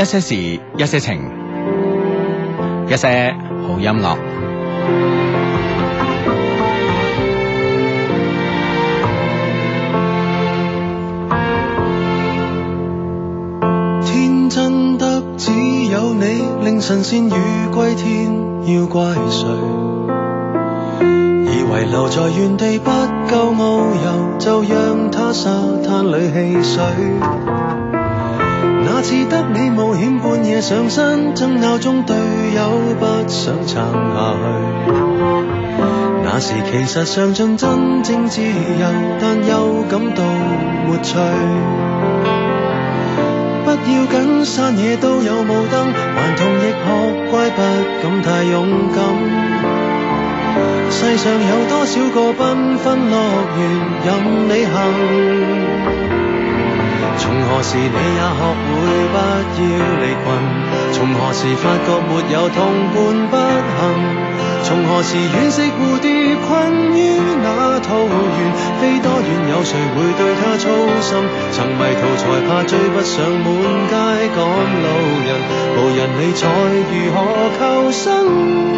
一些事，一些情，一些好音樂。天真得只有你，令神仙魚歸天，要怪誰？以為留在原地不夠遨遊，就讓它沙灘裡戲水。那次得你冒險半夜上山，爭拗中隊友不想撐下去。那時其實嚐盡真正自由，但又感到沒趣。不要緊，山野都有霧燈，頑童亦學乖，怪不敢太勇敢。世上有多少個繽紛樂園，任你行。從何時你也學會不要離群？從何時發覺沒有同伴不行？從何時惋惜蝴蝶困於那桃源，飛多遠有誰會對他操心？曾迷途才怕追不上滿街趕路人，無人理睬如何求生？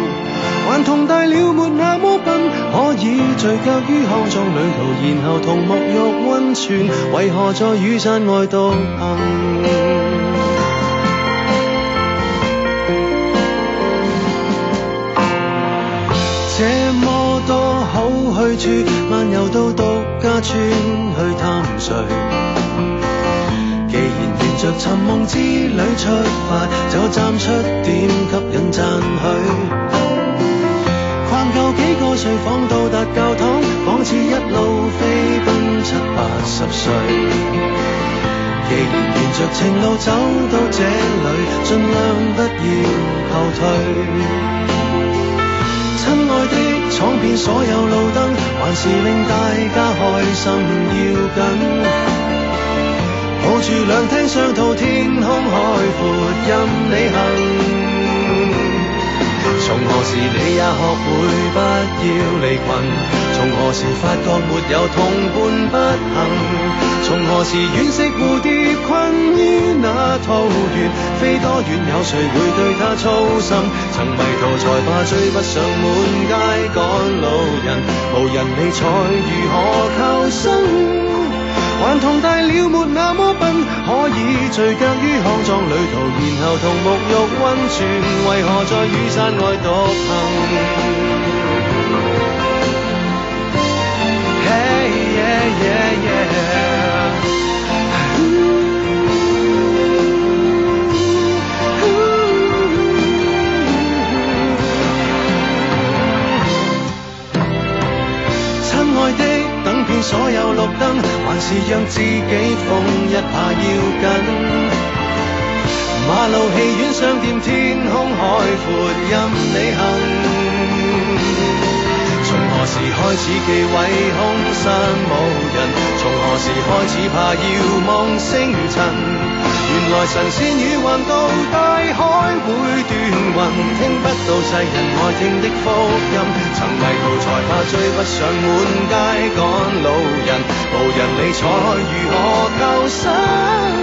頑童大了沒那麼笨，可以聚腳於康莊旅途，然後同沐浴。為何在雨傘外獨行？這麼多好去處，漫遊到獨家村去探誰？既然沿著尋夢之旅出發，就站出點吸引讚許。逛夠幾個睡房，到達教堂，仿似一路飛奔。七八十歲，既然沿着情路走到這裏，儘量不要後退。親愛的，闖遍所有路燈，還是令大家開心要緊。抱住兩廳雙套，天空海闊，任你行。從何時你也學會不要離群？從何時發覺沒有同伴不行？從何時惋惜蝴蝶困於那桃源，飛多遠有誰會對它操心？曾迷途才怕追不上滿街趕路人，無人理睬如何求生？頑童大了沒那麼笨，可以聚腳於康莊旅途，然後同沐浴温泉，為何在雨傘外獨行？Hey, yeah, yeah, yeah. 所有綠燈，還是讓自己瘋一下要緊。馬路戲院商店，天空海闊，任你行。何時開始忌諱空山無人？從何時開始怕遙望星塵？原來神仙魚橫渡大海會斷魂，聽不到世人愛聽的福音。曾迷途才怕追不上滿街趕路人，無人理睬如何求生？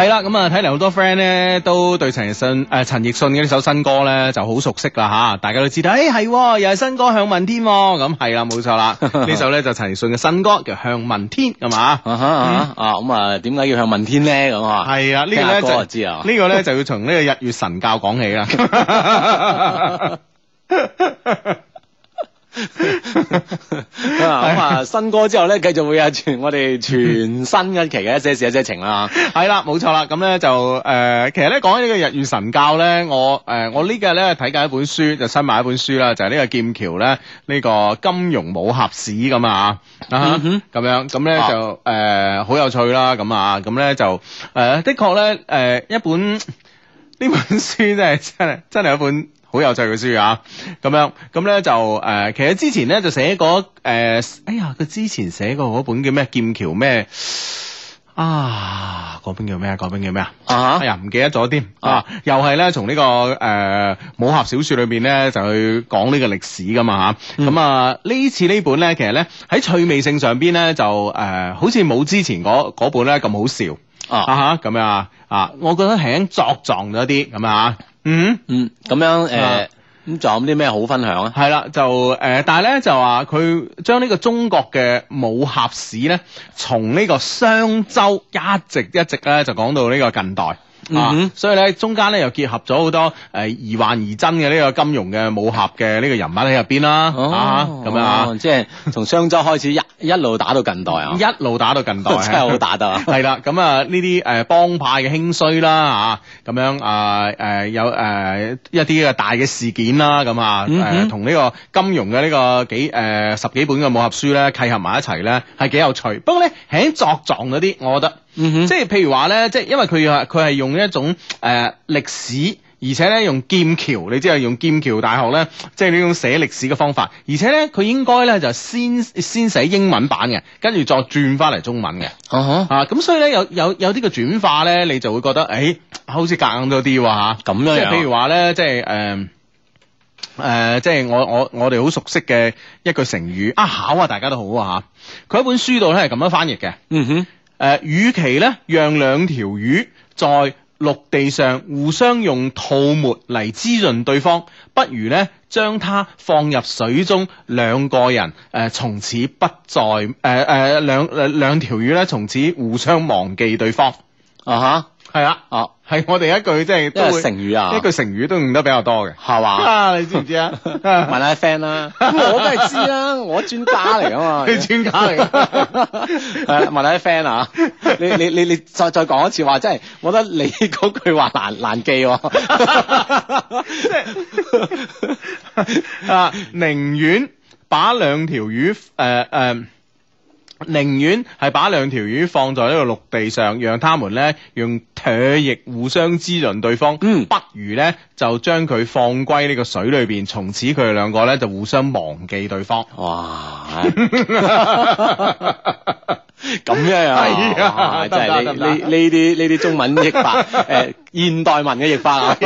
係啦，咁啊，睇嚟好多 friend 咧都對陳奕迅誒陳、呃、奕迅，嘅呢首新歌咧就好熟悉啦吓，大家都知道，誒、哎、係又係新歌向問天咁係啦，冇錯啦，呢 首咧就陳奕迅嘅新歌叫向問天，係嘛啊咁啊，點、啊、解、啊啊、要向問天咧咁啊？係啊，呢個咧就知呢 個咧就、這個、就要從呢個日月神教講起啦。 咁 啊，啊，啊，新歌之後咧，繼續會有全我哋全新一期嘅一些事一些情啦。係啦、 嗯哼，冇錯啦。咁咧就誒，其實咧講起呢個日月神教咧，我 誒、嗯，我呢日咧睇緊一本書，就新買一本書啦，就係呢個劍橋咧呢個金融武俠史咁啊，咁樣咁咧就誒，好有趣啦。咁啊，咁咧就誒，的確咧，誒，一本呢本書真係真真係一本。好有趣嘅書啊！咁樣咁咧就誒，其實之前咧就寫過誒，哎呀，佢之前寫過嗰本叫咩劍橋咩啊？嗰本叫咩？嗰本叫咩啊？哎呀，唔記得咗添啊！又係咧從呢個誒武俠小說裏邊咧就去講呢個歷史噶嘛吓，咁啊呢次呢本咧，其實咧喺趣味性上邊咧就誒，好似冇之前嗰本咧咁好笑啊吓咁樣啊，我覺得響作狀咗啲咁啊。嗯，嗯，咁樣誒，咁、呃、仲、啊、有啲咩好分享啊？係啦，就誒、呃，但係咧就話佢將呢個中國嘅武俠史咧，從呢個商周一直一直咧就講到呢個近代。嗯、啊，所以咧中間咧又結合咗好多誒，疑幻疑真嘅呢個金庸嘅武俠嘅呢個人物喺入邊啦，啊咁樣即係從商周開始一一路打到近代啊， 一路打到近代， 真係好打得係啦。咁啊呢啲誒幫派嘅興衰啦，啊咁樣啊誒有誒一啲嘅大嘅事件啦，咁啊誒同呢個金庸嘅呢個幾誒、呃、十幾本嘅武俠書咧契合埋一齊咧，係幾有趣。不過咧喺作狀嗰啲，我覺得。嗯哼，即係譬如話咧，即係因為佢係佢係用一種誒歷、呃、史，而且咧用劍橋，你知係用劍橋大學咧，即係呢種寫歷史嘅方法，而且咧佢應該咧就先先寫英文版嘅，跟住再轉翻嚟中文嘅。吓咁、啊哈啊、所以咧有有有啲嘅轉化咧，你就會覺得誒、哎，好似夾硬咗啲喎吓。咁、啊、樣即，即係譬如話咧，即係誒誒，即係我我我哋好熟悉嘅一個成語，啊考啊大家都好啊吓。佢喺本書度咧係咁樣翻譯嘅。嗯哼。誒與、呃、其咧讓兩條魚在陸地上互相用唾沫嚟滋潤對方，不如咧將它放入水中，兩個人誒從、呃、此不再誒誒兩兩條魚咧，從此互相忘記對方。啊哈、uh，係、huh. 啊，哦、uh。Huh. 係我哋一句即係，一句成語啊！一句成語都用得比較多嘅吧，係嘛？啊，你知唔知啊？問下啲 friend 啦。我都係知啊。 我專家嚟噶嘛？你專家嚟噶？係啊，問下啲 friend 啊，啊 你你你你，你再再講一次話，真係，我覺得你嗰句話難難記喎、啊。即 係 啊，寧願把兩條魚誒誒。呃呃呃寧願係把兩條魚放在呢個陸地上，讓它們咧用唾液互相滋潤對方，不如咧就將佢放歸呢個水裏邊，從此佢哋兩個咧就互相忘記對方。哇！咁樣啊，真係呢呢呢啲呢啲中文譯法，誒，現代文嘅譯法啊，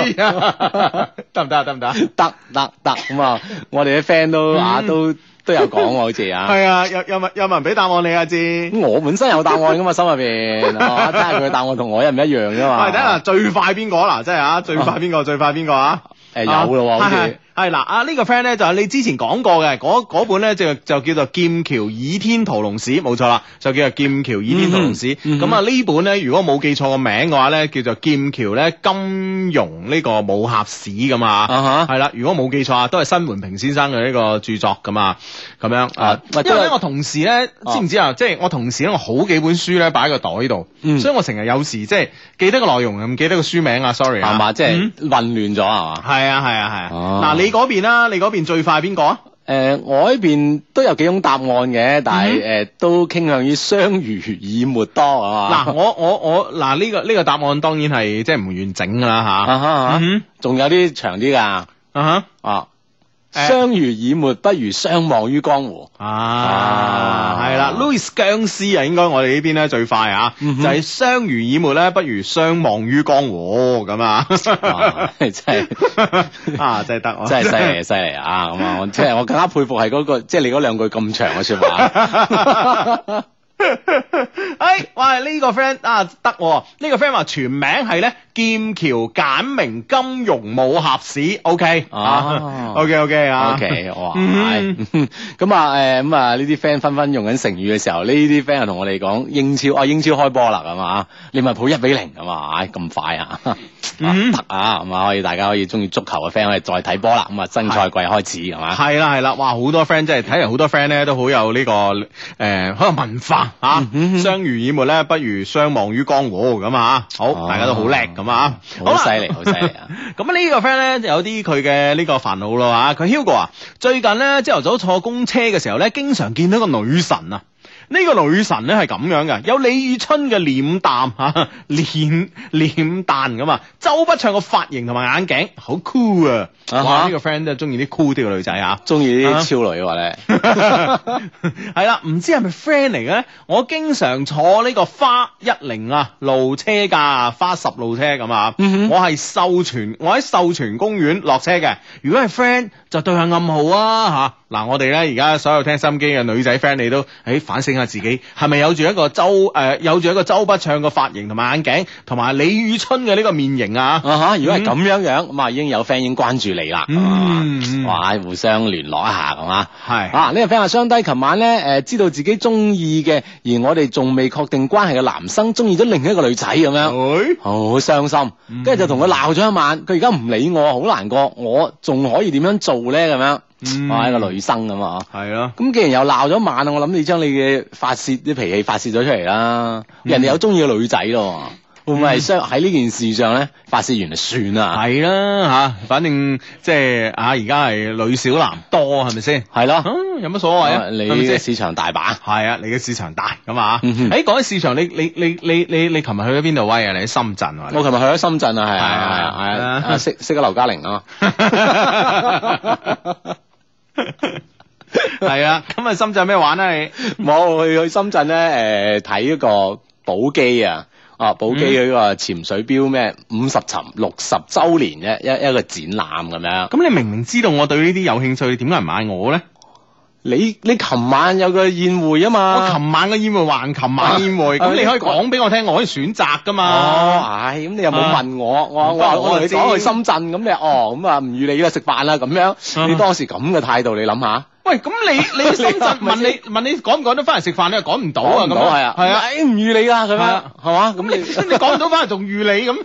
得唔得啊？得唔得？得得得，咁啊，我哋啲 friend 都啊都。都有講我字啊，係 啊，有有問有問人俾答案你啊，知我本身有答案噶嘛，心入邊，睇下佢嘅答案同我一唔一樣啫嘛。係、 哎，睇下最快邊個啦，即係啊，最快邊個、啊啊啊、最快邊個，個啊？誒、呃、有咯喎、啊、啊、好似像。係啦，啊呢個 friend 咧就係你之前講過嘅，嗰本咧就就叫做《劍橋倚天屠龍史》，冇錯啦，就叫做《劍橋倚天屠龍史》。咁啊呢本咧，如果冇記錯個名嘅話咧，叫做《劍橋咧金融呢個武俠史》咁啊。啊哈，係啦，如果冇記錯啊，都係新垣平先生嘅呢個著作咁啊，咁樣啊。因為咧，我同事咧，知唔知啊？即係我同事咧，我好幾本書咧擺喺個袋度，所以我成日有時即係記得個內容，唔記得個書名啊。Sorry，係嘛？即係混亂咗啊？係啊係啊係啊。嗱你。你嗰邊啦，你嗰邊最快係邊個啊？誒、呃，我呢邊都有幾種答案嘅，但係誒、嗯哼呃、都傾向於相濡以沫多啊。嗱、啊，我我我，嗱、啊、呢、這個呢、這個答案當然係即係唔完整噶啦吓。仲有啲長啲噶。啊哈啊。相濡以沫，不如相忘於江湖。啊，係啦，Louis 僵屍啊，應該我哋呢邊咧最快啊，就係相濡以沫咧，不如相忘於江湖咁啊，真係啊，真係得，真係犀利犀利啊，咁啊，我，即係我更加佩服係嗰個，即係你嗰兩句咁長嘅説話。.哎，哇！呢個 friend 啊，得呢個 friend 話全名係咧劍橋簡明金融武俠史，OK 啊？OK OK 啊？OK 哇！咁啊，誒，咁啊呢啲 friend 紛紛用緊成語嘅時候，呢啲 friend 又同我哋講英超，啊，英超開波啦，咁嘛？你咪抱一比零，係嘛？唉，咁快啊？得啊？咁啊？可以大家可以中意足球嘅 friend 可以再睇波啦，咁啊新賽季開始係嘛？係啦係啦，哇！好多 friend 真係睇嚟好多 friend 咧都好有呢個誒，好有文化。吓、啊，相濡以沫咧，不如相忘於江湖咁啊！好，哦、大家都好叻咁啊！好犀利，好犀利啊！咁 呢個 friend 咧就有啲佢嘅呢個煩惱咯吓，佢 Hugo 啊，最近咧朝頭早坐公車嘅時候咧，經常見到個女神啊！呢個女神咧係咁樣嘅，有李宇春嘅臉蛋吓、啊，臉臉蛋咁啊，周筆暢個髮型同埋眼鏡好 cool 啊！我呢、uh huh. 呢個 friend 都係中意啲 cool 啲嘅女仔啊，中意啲超女嘅話咧，係啦，唔知係咪 friend 嚟嘅咧？我經常坐呢個花一零啊路車噶，花十路車咁啊、uh huh.，我係秀全，我喺秀全公園落車嘅。如果係 friend 就對下暗號啊吓！嗱、啊啊，我哋咧而家所有聽心機嘅女仔 friend，你都喺反省。哎哎哎哎哎哎哎下自己係咪有住一個周誒、呃，有住一個周筆暢嘅髮型同埋眼鏡，同埋李宇春嘅呢個面型啊？吓、啊，如果係咁樣樣，咁啊、嗯、已經有 friend 關注你啦，咁哇，互相聯絡一下，咁嘛？係啊，呢的、啊這個 friend 話雙低，琴晚咧誒，知道自己中意嘅，而我哋仲未確定關係嘅男生，中意咗另一個女仔咁樣，好傷的心，跟住就同佢鬧咗一晚，佢而家唔理我，好難過，我仲可以點樣做咧？咁樣。我係一個女生咁啊，係咯。咁既然又鬧咗晚，我諗你將你嘅發洩啲脾氣發洩咗出嚟啦。人哋有中意嘅女仔咯，會唔會係想喺呢件事上咧發洩完就算啦？係啦吓，反正即係啊，而家係女少男多，係咪先？係咯，有乜所謂啊？你嘅市場大把，係啊，你嘅市場大咁啊。誒，講起市場，你你你你你你琴日去咗邊度威啊？喺深圳啊？我琴日去咗深圳啊，係係係，識識咗劉嘉玲啊嘛。係 啊，咁啊，深圳有咩玩咧？你冇去去深圳咧？誒、呃，睇一個寶基啊，啊，寶基嗰個潛水表咩五十噚六十周年嘅一一個展覽咁樣。咁、嗯、你明明知道我對呢啲有興趣，你點解唔買我咧？你你琴晚有個宴會啊嘛？我琴晚個宴會還琴晚宴會，咁、啊、你可以講俾我聽，啊、我可以選擇㗎嘛？唉、啊，咁、哎、你又冇問我，啊、我我我嚟咗去深圳，咁你哦，咁啊唔預你啦，食飯啦咁樣，啊、你當時咁嘅態度，你諗下？喂，咁你你深圳問你問你趕唔趕得翻嚟食飯？你又趕唔到啊？咁係啊，係啊，唔預你啊，咁啊，係嘛？咁你你趕唔到翻嚟，仲預你咁，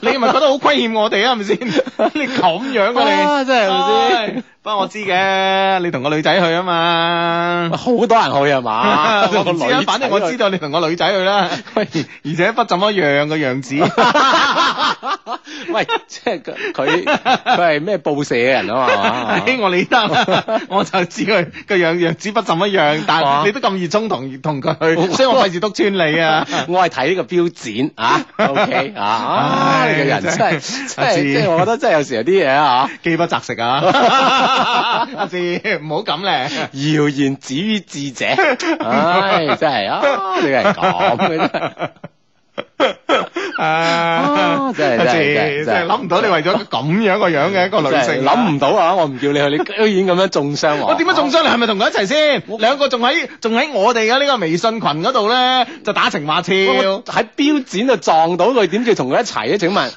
你咪覺得好虧欠我哋啊？係咪先？你咁樣嘅你，真係咪先？不過我知嘅，你同個女仔去啊嘛，好多人去啊嘛。唔知啊，反正我知道你同個女仔去啦。而且不怎麼樣嘅樣子。喂，即係佢佢佢係咩報社嘅人啊嘛？我理得。我就知佢個樣樣子不怎一樣，但係你都咁熱衷同同佢，所以我費事篤穿你啊！ 我係睇呢個標展啊！o k 啊，呢個人真係，即係是智我覺得真係有時有啲嘢啊，飢不擇食啊！啊啊阿志，唔好咁咧，謠言止於智者， 唉，真係啊，你係講嘅啊！真真真真，真係諗唔到你為咗咁樣個樣嘅一個女性，諗唔到啊！我唔叫你去，你居然咁樣中傷我。我點樣中傷你？係咪同佢一齊先？兩個仲喺仲喺我哋嘅呢個微信群嗰度咧，就打情罵俏。喺標展度撞到佢，點叫同佢一齊咧？請問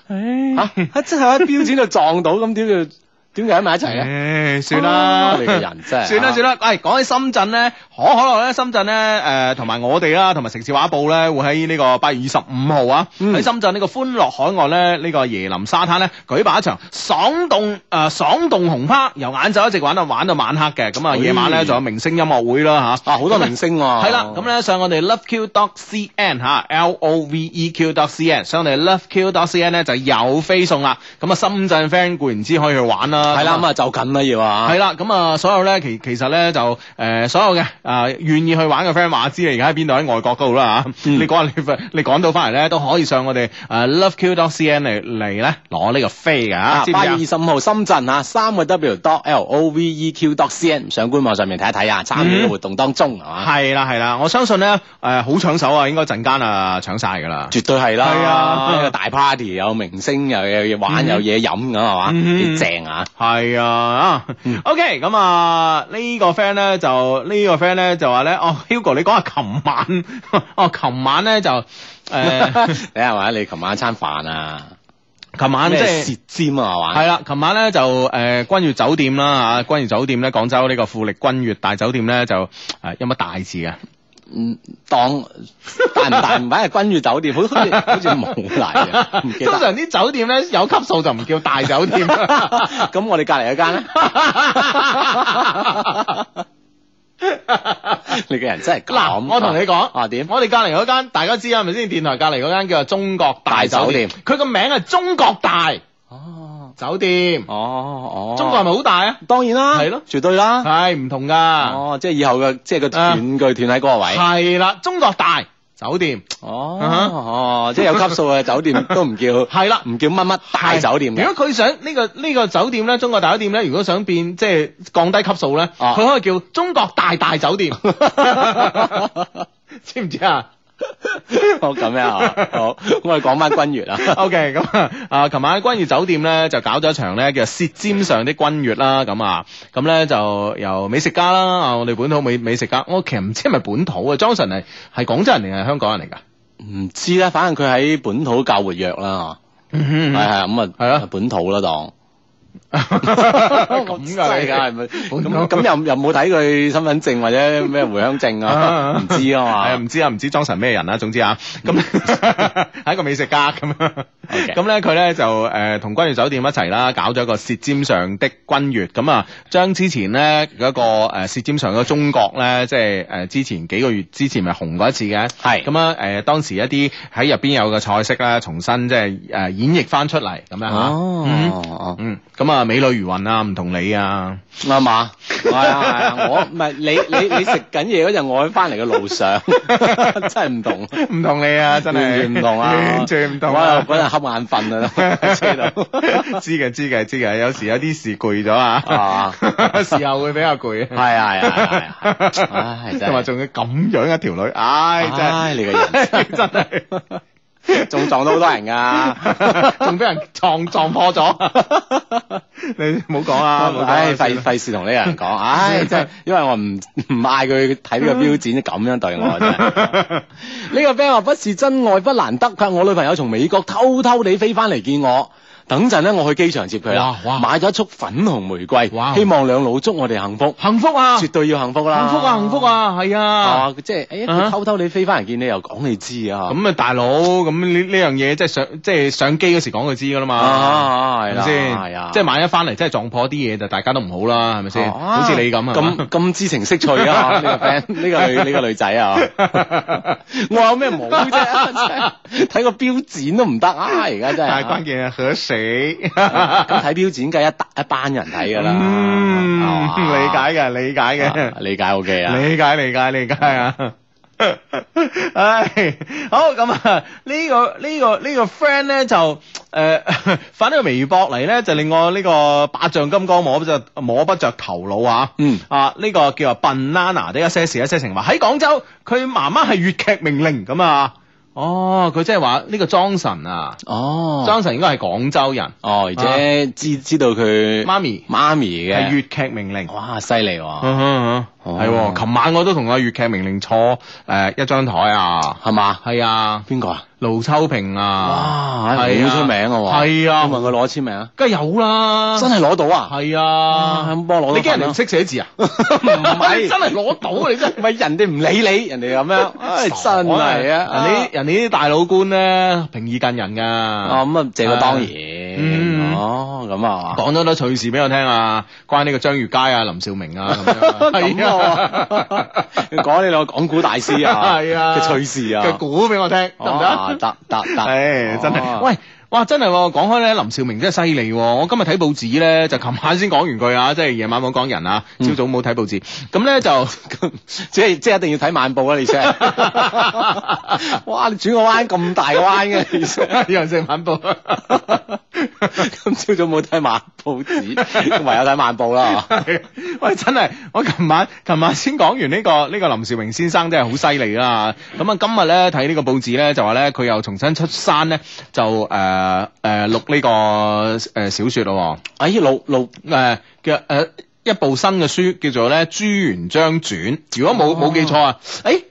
嚇嚇真係喺標展度撞到咁點叫？點解喺埋一齊咧？ 算啦，你哋人真係算啦算啦。誒，講起深圳咧，可可樂咧，深圳咧，誒、呃，同埋我哋啦，同埋城市畫報咧，會喺呢個八月二十五號啊，喺、嗯、深圳呢個歡樂海岸咧，呢、呢個椰林沙灘咧，舉辦一場爽動誒、呃、爽動紅趴，由晏晝一直玩到玩到晚黑嘅。咁、嗯、啊，夜晚咧仲有明星音樂會啦吓，啊，好多明星喎。係、嗯、啦，咁、嗯、咧上我哋 loveq.cn dot、啊、吓 l o v e q dot .c n 上我哋 loveq dot .c n 咧就有飛送啦。咁啊，深圳 friend 固然之可以去玩啦。啊。係啦，咁啊就近啦要啊，係啦，咁啊所有咧，其其實咧就誒所有嘅誒願意去玩嘅 friend 話知啊，而家喺邊度喺外國度好啦吓，你講你你講到翻嚟咧都可以上我哋誒 loveq.cn 嚟嚟咧攞呢個飛嘅，八月二十五號深圳啊三個 W dot L O V E Q.cn 上官網上面睇一睇啊，參與活動當中係嘛，係啦係啦，我相信咧誒好搶手啊，應該陣間啊搶晒噶啦，絕對係啦，一個大 party 有明星又有嘢玩有嘢飲咁係嘛，幾正啊！係啊，o k 咁啊，嗯 okay, 啊這個、呢、這個 friend 咧就呢個 friend 咧就話咧，哦，Hugo 你講下琴晚，哦，琴晚咧、 哦、就誒、呃， 你係咪？你琴晚一餐飯啊？琴晚即係舌尖啊，係嘛？係啦、啊，琴晚咧就誒、呃、君悦酒店啦，吓、啊、君悦酒店咧廣州呢個富力君悦大酒店咧就誒、呃、有乜大字啊？唔當大唔大。唔係啊，君悅酒店，好似好似冇嚟。通常啲酒店咧，有級數就唔叫大酒店。咁 我哋隔籬嗰間咧， 你嘅人真係嗱，我同你講啊點？我哋隔籬嗰間大家知係咪先？電台隔籬嗰間叫中國大酒店，佢個名係中國大。哦、啊。酒店哦、哦，中國係咪好大啊？當然啦，係咯，絕對啦，係唔同噶哦，即係以後嘅，即係個斷句斷喺嗰個位。係啦，中國大酒店。哦，哦，即係有級數嘅酒店都唔叫係啦，唔叫乜乜大酒店。如果佢想呢個呢個酒店咧，中國大酒店咧，如果想變即係降低級數咧，佢可以叫中國大大酒店，知唔知啊？ 哦咁樣啊，好，我哋講翻君悦啊。OK，咁啊，啊，琴晚喺君悦酒店咧就搞咗一場咧，叫舌尖上啲君悦啦。咁啊，咁咧就由美食家啦，我哋本土美美食家。我、哦、其實唔知係咪本土啊？Johnson 係係廣州人定係香港人嚟噶？唔知咧，反正佢喺本土較活躍啦。吓， 係係啊，咁啊，係咯，本土啦， 當。咁噶你噶係咪？咁咁又又冇睇佢身份證或者咩回鄉證啊？唔 知啊嘛？唔 知啊，唔知莊臣咩人啦。總之啊，咁、嗯、係 一個美食家咁樣。咁咧 Okay.，佢咧就誒同君悅酒店一齊啦，搞咗一個舌尖上的君悅。咁啊，將之前咧嗰個誒舌尖上嘅中國咧，即係誒之前幾個月之前咪紅過一次嘅。係咁啊！誒，當時一啲喺入邊有個菜式啦，重新即係誒演繹翻出嚟咁樣吓。嗯，咁、嗯嗯嗯、啊。 啊，美女如雲啊，唔同你啊，啱嘛？係啊係啊，我唔係你你你食緊嘢嗰陣，我喺翻嚟嘅路上，真係唔同，唔同你啊，真係唔同啊，完全唔同。我本嚟瞌眼瞓啊，知道知嘅知嘅知嘅，有時有啲事攰咗啊，時候會比較攰啊。係係啊。唉，真係同埋仲要咁樣一條女，唉真係你嘅人真係。仲撞到好多人噶，啊，仲俾人撞撞破咗。 你唔好講啊，啊唉，費費事同呢個人講 唉，真係，因為我唔唔嗌佢睇呢個標展，咁樣對我真係呢 個 friend 話不是真愛不難得，佢我女朋友從美國偷偷地飛翻嚟見我。等陣咧，我去機場接佢啦。買咗一束粉紅玫瑰，希望兩老祝我哋幸福。幸福啊！絕對要幸福啦。幸福啊！幸福啊！係啊，即係誒，偷偷哋飛翻嚟見你又講你知啊。咁啊，大佬，咁呢呢樣嘢即係上即係上機嗰時講佢知噶啦嘛。係咪先？係啊，即係萬一翻嚟真係撞破啲嘢，就大家都唔好啦，係咪先？好似你咁啊，咁咁知情識趣啊，呢個呢個女仔啊。我有咩毛啫？睇個標展都唔得啊！而家真係。關鍵係你咁睇表，點嘅一一班人睇噶啦？理解嘅，理解嘅，理解 O K 啊？理解，理解，理解啊！唉，好咁啊，呢、這個呢、這個呢、這個 friend 咧就誒發咗個微博嚟咧，就令我呢個百丈金剛摸就摸不着頭腦啊！嗯啊，呢、這個叫做 Banana 啲一些事一些情話喺廣州，佢媽媽係粵劇名伶咁啊！哦，佢即係話，呢、這個莊臣啊，哦，莊臣應該，係廣州人，哦，而且、啊、知知道佢媽咪媽咪嘅係粵劇名伶，哇，犀利喎。係喎，琴晚我都同阿粵劇名伶坐誒一張台啊。係嘛？係啊。邊個啊？盧秋萍啊。係啊，好出名啊嘛。係啊，我問佢攞簽名啊。梗係有啦，真係攞到啊。係啊，咁幫我攞多份啦。你驚人哋唔識寫字啊？唔係，真係攞到你真。咪人哋唔理你，人哋咁樣，真係啊！人哋人哋啲大老倌咧，平易近人噶。咁啊，借個當然。哦，咁啊，講咗多趣事俾我聽啊，關呢個張悅楷啊、林兆明啊咁樣，係啊，講呢兩個講古大師啊，係 啊，嘅趣事啊，嘅古俾我聽得唔得？得得得，真係，哦、喂。哇！真係喎、哦，講開咧，林兆明真係犀利喎！我今日睇報紙咧，就琴晚先講完佢啊，即係夜晚冇講人啊，朝、嗯、早冇睇報紙，咁咧、嗯、就 即係即係一定要睇晚報啊。你真 哇！你轉個彎咁大個彎嘅、啊，你真係《羊城晚報。》 今朝早冇睇晚報紙， 唯有睇晚報啦。喂，真係我琴晚琴晚先講完呢、呢個呢、呢個林兆明先生真係好犀利啊！咁啊，今日咧睇呢個報紙咧就話咧佢又重新出山咧，就誒。呃呃誒誒，錄呢、呃這個誒、呃、小說咯，哎錄錄誒嘅誒一部新嘅書叫做咧朱元璋傳，如果冇冇、哦、記錯啊，誒、哎，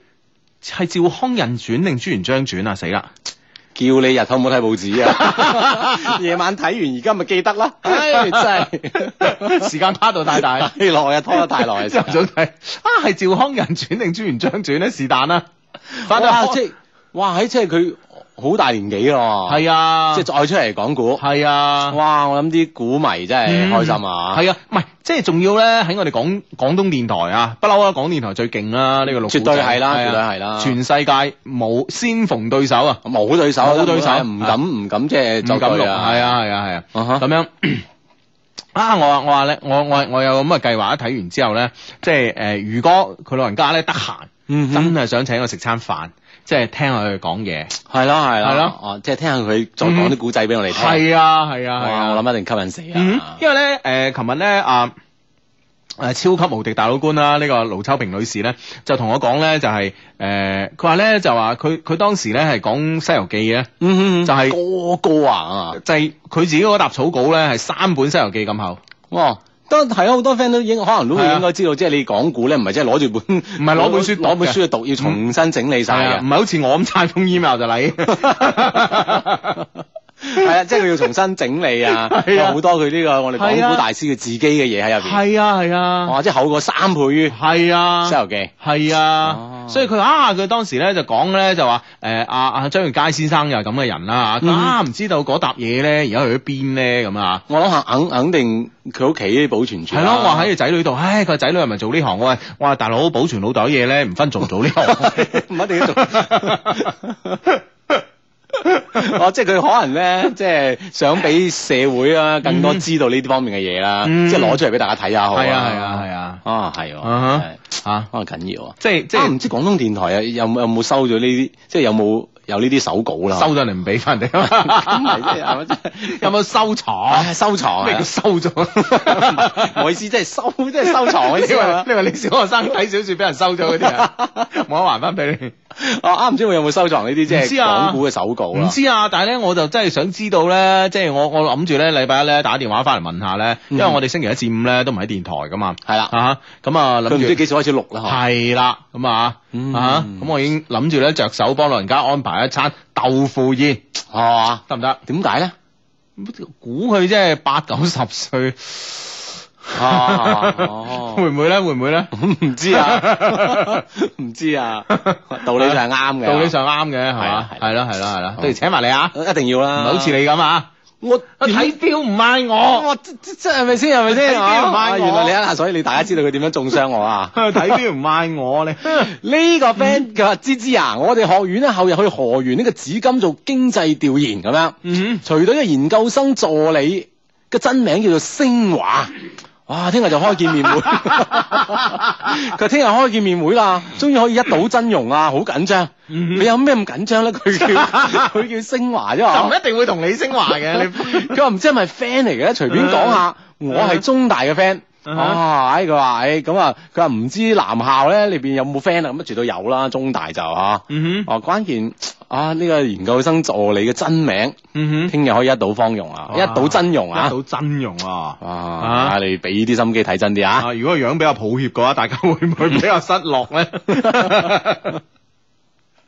係趙匡胤傳定朱元璋傳啊，死啦！叫你日頭冇睇報紙啊，夜 晚睇完而家咪記得啦，真係時間跨度太大，太耐啊，拖得太耐，朝早睇啊係趙匡胤傳定朱元璋傳咧，是但啦，哇即係哇喺即係佢。好大年紀嘅嘛，係啊，即係再出嚟講古，係啊，哇！我諗啲古迷真係開心啊，係啊，唔係即係仲要咧喺我哋廣廣東電台啊，不嬲啊，廣電台最勁啦，呢個六絕對係啦，絕對係啦，全世界冇先逢對手啊，冇對手，冇對手，唔敢唔敢即係就錄，係啊係啊係啊，咁樣啊，我我話咧，我我我有咁嘅計劃，睇完之後咧，即係誒，如果佢老人家咧得閒，嗯，真係想請我食餐飯。即係聽下佢講嘢，係咯係咯，哦，即係的、啊，就是，聽下佢再講啲古仔俾我哋聽，係啊係啊係啊，我諗一定吸引死啊、嗯！因為咧，誒、呃，琴日咧啊，誒、啊，超級無敵大佬官啦，呢、這個盧秋平女士咧就同我講咧，就係，誒、就是，佢話咧就話，佢佢當時咧係講西遊記嘅，嗯嗯，就係高高啊，就係佢自己嗰沓草稿咧係三本西遊記咁厚，哇、哦！都係啊！好多 friend 都應可能都會應該知道，啊、即係你講古咧，唔係即係攞住本，唔係攞本書攞拿本，本書去讀，要重新整理晒。嘅、嗯，唔係好似我咁拆封 email 就嚟。 係啊，即係佢要重新整理啊， 的有好多佢呢個我哋講古大師嘅自己嘅嘢喺入邊。係啊，係啊，哇！即係厚過三倍於啊，西遊記》，係啊，所以佢啊，佢當時咧就講咧就話誒阿阿張玉佳先生又係咁嘅人啦嚇，嗯、啊唔知道嗰沓嘢咧而家去咗邊咧？咁啊！在在我諗下，肯肯定佢屋企保存住。係咯，我話喺佢仔女度，唉、哎，佢仔女係咪做呢行？我喂，哇！大佬保存老袋嘢咧，唔分做唔做呢行？唔 一定要做。 哦，即係佢可能咧，即係想俾社會啊更多知道呢啲方面嘅嘢啦，即係攞出嚟俾大家睇下，好，係啊，係啊，係啊，哦，係，啊，啊，可能緊要啊，即係即係，唔知廣東電台啊有有冇收咗呢啲，即係有冇有呢啲手稿啦？收咗你唔俾翻你，啊唔係，係咪真？有冇收藏？收藏收咗，我意思即係收，即係收藏嗰啲你話你小學生睇小說俾人收咗嗰啲啊，冇得還翻俾你。啊！啱唔知我有冇收藏呢啲即係講古嘅手稿？啊。唔知啊，但係咧我就真係想知道咧，即係我我諗住咧禮拜一咧打電話翻嚟問，問下咧，嗯、因為我哋星期一至五咧都唔喺電台噶嘛。係啦、嗯，吓咁啊諗住，唔、嗯、知幾時開始錄啦。係啦、嗯，咁啊，吓咁我已經諗住咧着手幫老人家安排一餐豆腐宴，係得唔得？點解咧？估佢即係八九十歲。啊哦，會唔會咧？會唔會咧？唔知啊，唔知啊。道理上係啱嘅，道理上啱嘅，係嘛？係咯，係咯，係咯。不如請埋你啊，一定要啦，唔係好似你咁啊。我睇表唔賣我，我即係咪先？係咪先？唔我。原來你啊，所以你大家知道佢點樣中傷我啊？睇表唔賣我，你呢個 friend 嘅芝芝啊，我哋學院咧後日去河源呢個紫金做經濟調研咁樣，嗯，除咗個研究生助理嘅真名叫做升華。哇！聽日、啊、就開見面會，佢話聽日開見面會啦，終於可以一睹真容啊，好緊張。你有咩咁緊張咧？佢叫佢叫星華啫嘛，就唔一定會同你星華嘅。佢話唔知係咪 friend 嚟嘅，隨便講下。啊、我係中大嘅 friend。哦，係，佢話誒，咁啊，佢話唔知南校咧，裏邊有冇 friend 啊？咁咪住到有啦，中大就嗬、啊。嗯哼。哦、啊，關鍵。啊！呢、這個研究生助理嘅真名，嗯、哼，聽日可以一睹芳容啊，哇一睹真容啊，一睹真容啊，啊！你俾啲心機睇真啲啊！啊，如果樣比較抱歉嘅話，大家會唔會比較失落咧？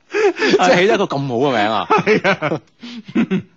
即係起咗一個咁好嘅名啊，係 是啊！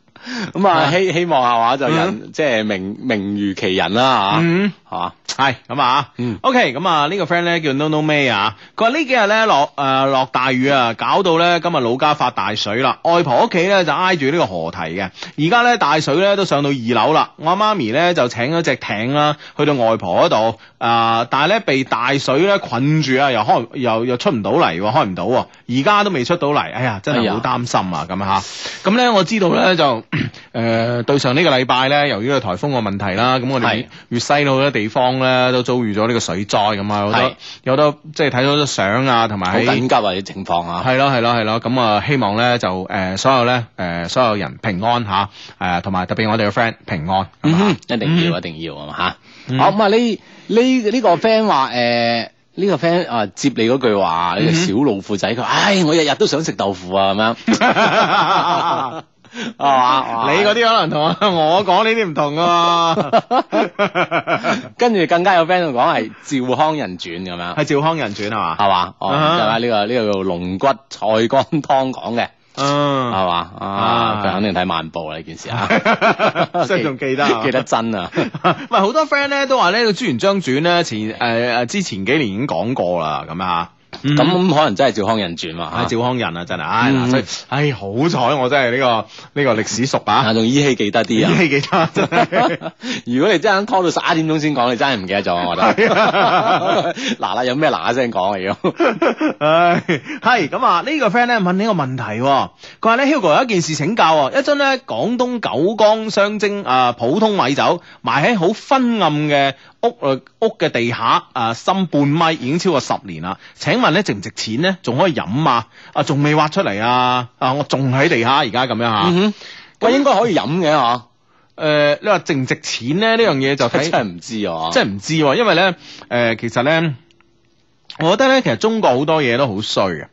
咁啊希希望係話就人即係名名如其人啦吓，係咁啊，OK 咁啊呢個 friend 咧叫 No No m 咩啊，佢話呢幾日咧落誒、呃、落大雨啊，搞到咧今日老家發大水啦，外婆屋企咧就挨住呢個河堤嘅，而家咧大水咧都上到二樓啦，我阿媽咪咧就請咗隻艇啦去到外婆嗰度，啊、呃、但係咧被大水咧困住啊，又開又又出唔到嚟，開唔到，而家都未出到嚟，哎呀真係好擔心啊咁吓，咁咧、哎、呀我知道咧就。誒、呃，對上呢個禮拜咧，由於個台風個問題啦，咁我哋粵是西好多地方咧都遭遇咗呢個水災咁是啊，有多有多，即係睇到啲相啊，同埋喺緊急啊啲情況啊，係咯係咯係咯，咁啊、嗯、希望咧就誒、呃、所有咧誒、呃、所有人平安吓，誒同埋特別我哋個 friend 平安、嗯吧一，一定要一定要啊嘛吓，好咁啊呢呢呢個 friend 話誒呢個 friend 啊接你嗰句話，呢個小老虎仔佢話，唉、哎呃、我日日都想食豆腐啊咁樣。 係嘛？你嗰啲可能同我講呢啲唔同噶。跟住更加有 friend 就講係《趙匡胤傳》咁樣，係《趙匡胤傳》係嘛？係嘛？哦，係咪呢個呢、這個叫龍骨菜乾湯講嘅？Uh huh. 嗯，係嘛？啊，佢、啊哎、肯定睇萬部啊！呢件事啊，所以仲記得，記得真啊！ 唔係好多 friend 咧都話咧《朱元璋傳》咧前誒誒、呃、之前幾年已經講過啦咁啊。咁、嗯、可能真係趙匡胤傳嘛？吓、嗯，趙匡胤啊，真係，唉，嗯、所以，唉，好彩我真係呢、這個呢、這個歷史熟啊，仲依稀記得啲啊，依稀記得。真 如果你真係拖到十一點鐘先講，你真係唔記得咗，我覺得。嗱嗱、 啊 啊，有咩嗱嗱聲講啊？唉， 係，咁啊，呢個 friend 咧問你個問題，佢話咧，Hugo 有一件事請教，啊，一樽咧廣東九江雙蒸啊，普通米酒，賣喺好昏暗嘅。屋誒屋嘅地下誒、啊、深半米，已經超過十年啦。請問咧值唔值錢咧？仲可以飲啊？啊仲未挖出嚟啊？啊我仲喺地下而家咁樣吓。嗯哼，我應該可以飲嘅嗬、啊。誒、呃、你話值唔值錢咧？呢樣嘢就睇。真係唔知哦、啊。真係唔知、啊，因為咧誒、呃、其實咧，我覺得咧其實中國好多嘢都好衰嘅。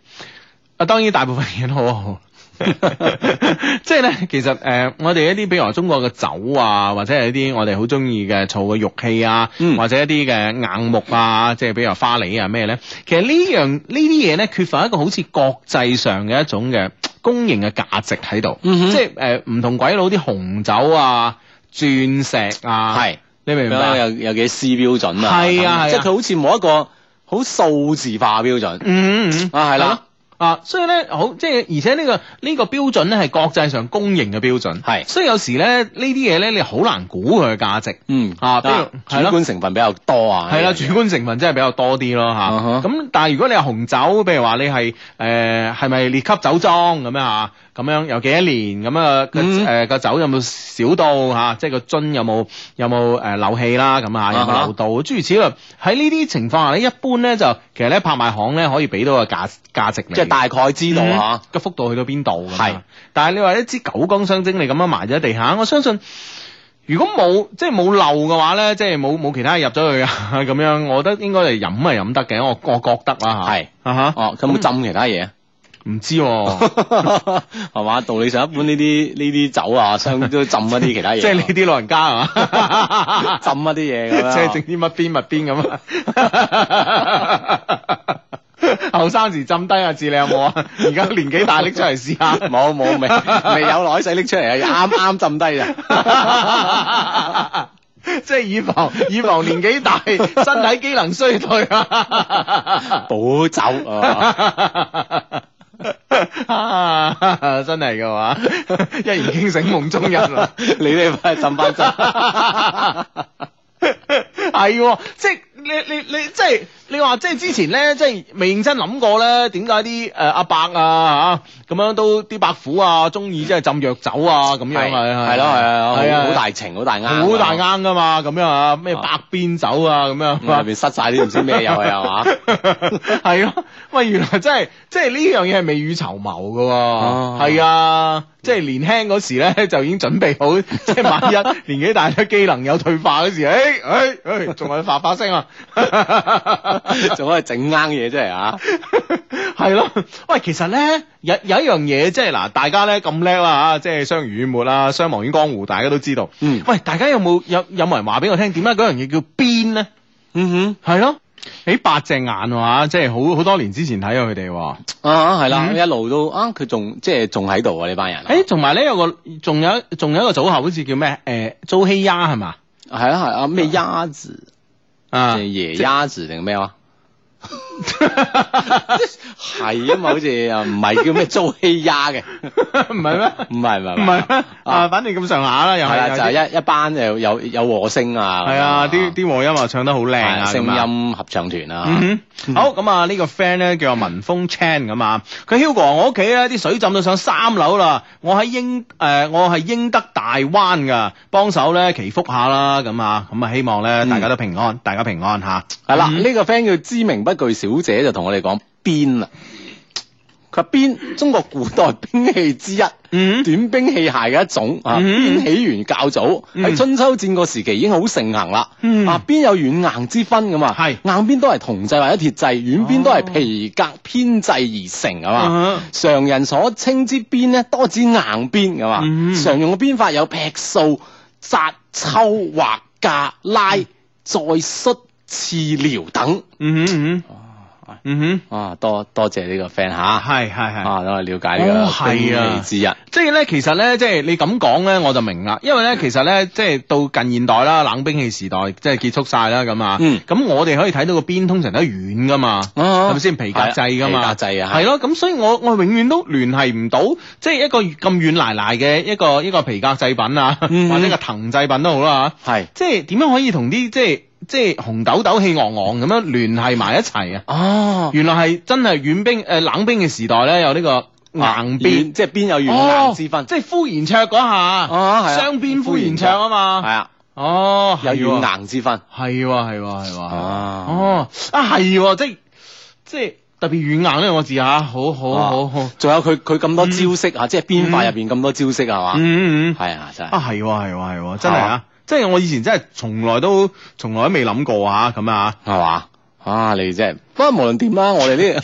啊當然大部分嘢都好。即係咧，其實誒，我哋一啲，比如話中國嘅酒啊，或者係一啲我哋好中意嘅做嘅玉器啊，嗯、或者一啲嘅硬木啊，即係比如話花梨啊咩咧，其實呢樣呢啲嘢咧，缺乏，一個好似國際上嘅一種嘅公認嘅價值喺度，即係誒，唔同鬼佬啲紅酒啊、鑽石啊，係是你明唔明啊？有有幾多 C 標準啊？係啊，即係佢好似冇一個好數字化標準。嗯嗯嗯，係、嗯、啦。嗯啊啊，所以咧好，即係而且呢個呢個標準咧係國際上公認嘅標準，係是，所以有時咧呢啲嘢咧你好難估佢嘅價值，嗯，啊，比如主觀成分比較多啊，係啦，主觀成分真係比較多啲咯吓，咁的、啊、但係如果你係紅酒，譬如話你係誒係咪列級酒莊咁樣啊？咁樣又幾多年咁啊？個誒個酒有冇少到嚇？即係個樽有冇有冇誒漏氣啦？咁啊有冇漏到？諸如此類，喺呢啲情況下咧，一般咧就其實咧拍賣行咧可以俾到個價，價值，即係大概知道嚇個幅度去到邊度。係，但係你話一支九江雙蒸你咁樣埋咗地下，我相信如果冇即係冇漏嘅話咧，即係冇冇其他入咗去啊咁樣，我覺得應該係飲係飲得嘅。我我覺得啦嚇。係哈哦，有冇浸其他嘢？唔知、啊，係嘛？ 道理上一般呢啲呢啲酒啊，想都浸一啲其他嘢、啊。即係呢啲老人家係嘛？浸一啲嘢即係整啲乜邊乜邊咁啊！後生 時浸低阿志，你有冇啊？而家年紀大，拎出嚟試下，冇冇未？未有耐仔拎出嚟啊，啱啱浸低啊！即係以防以防年紀大，身體機能衰退、啊， 補酒啊！ 真係嘅話，一言驚醒夢中人啊！你哋快去浸翻陣，係即。你你你即係你話即係之前咧，即係未認真諗過咧，點解啲誒阿伯啊嚇，咁樣都啲白虎啊，中意即係浸藥酒啊，咁樣係係係咯，係啊係啊好、啊、大情好大啱好大啱㗎嘛，咁樣啊咩百邊酒啊，咁樣入邊、啊、 塞晒啲唔知咩，又係啊嘛，係咯。喂，原來真係即係呢樣嘢係未雨綢繆㗎喎，係啊即係、就是、年輕嗰時咧就已經準備好，即係萬一年紀大咗機能有退化嗰時誒誒仲係發、哎、發聲啊！仲 可以整啱嘢真係啊，係咯。 喂，其實咧有有一樣嘢，即係嗱，大家咧咁叻啦，即係相濡以沫啊，相忘於江湖，大家都知道。嗯。喂，大家有冇有有冇人話俾我聽點解嗰樣嘢叫邊咧？嗯哼，係咯。誒，八隻眼啊，即係好好多年之前睇過佢哋、啊嗯。啊，係啦，一路都啊，佢仲即係仲喺度啊，呢班人。誒、哎，同埋咧有個，仲有仲有一個組合，好似叫咩誒？租、欸、希雅係嘛？係啊係啊，咩鴨子？啊啊啊啊啊、野鴨子，聽過這 沒有？係啊嘛，好似啊唔係叫咩糟氣呀嘅，唔係咩？唔係唔係唔係咩？啊，反正咁上下啦，又係啦，就係一一班又又有和聲啊，係啊，啲啲和音啊唱得好靚啊，聲音合唱團啦。好咁啊，呢個 friend 咧叫文峰 Chan 咁啊，佢 Hugo，我屋企咧啲水浸到上三樓啦，我喺英誒，我係英德大灣噶，幫手咧祈福下啦，咁啊咁啊，希望咧大家都平安，大家平安吓。係啦，呢個 friend 叫知名不？一句小姐就同我哋講鞭啦，佢話鞭，中國古代兵器之一，嗯、短兵器械嘅一種啊。嗯、哼起源較早，喺、嗯、春秋戰國時期已經好盛行啦。嗯、啊，鞭有軟硬之分㗎是嘛，硬鞭都係銅製或者鐵製，軟鞭都係皮革編製而成㗎嘛。常人所稱之鞭呢，多指硬鞭㗎嘛。嗯、哼常用嘅鞭法有劈、數、紮、抽、劃、架、拉、再摔。治療等，嗯哼，嗯，哼，啊，多多謝呢個 friend 吓，係係係，啊，都係了解呢個兵器之一。即係咧，其實咧，即係你咁講咧，我就明啦。因為咧，其實咧，即係到近現代啦，冷兵器時代即係結束晒啦，咁啊，咁我哋可以睇到個邊，通常都係軟噶嘛，係咪先皮革製噶嘛，皮革製啊，係咯。咁所以我我永遠都聯繫唔到，即係一個咁軟腍腍嘅一個一個皮革製品啊，或者個藤製品都好啦，係，即係點樣可以同啲即係。即係紅豆豆氣昂昂咁樣聯繫埋一齊啊！哦，原來係真係軟兵誒冷兵嘅時代咧，有呢個硬鞭，即係鞭有軟硬之分，即係呼延灼嗰下啊，雙鞭呼延灼啊嘛，係啊，哦，有軟硬之分，係係係啊，哦啊係，即即特別軟硬呢個字啊，好好好好，仲有佢佢咁多招式啊，即係鞭法入邊咁多招式係嘛，嗯嗯嗯，係啊真係啊係係係真係啊！即係我以前真係從來都從來都未諗過，嚇咁啊，係嘛？ 啊，你啫！不過無論點啦，我哋呢，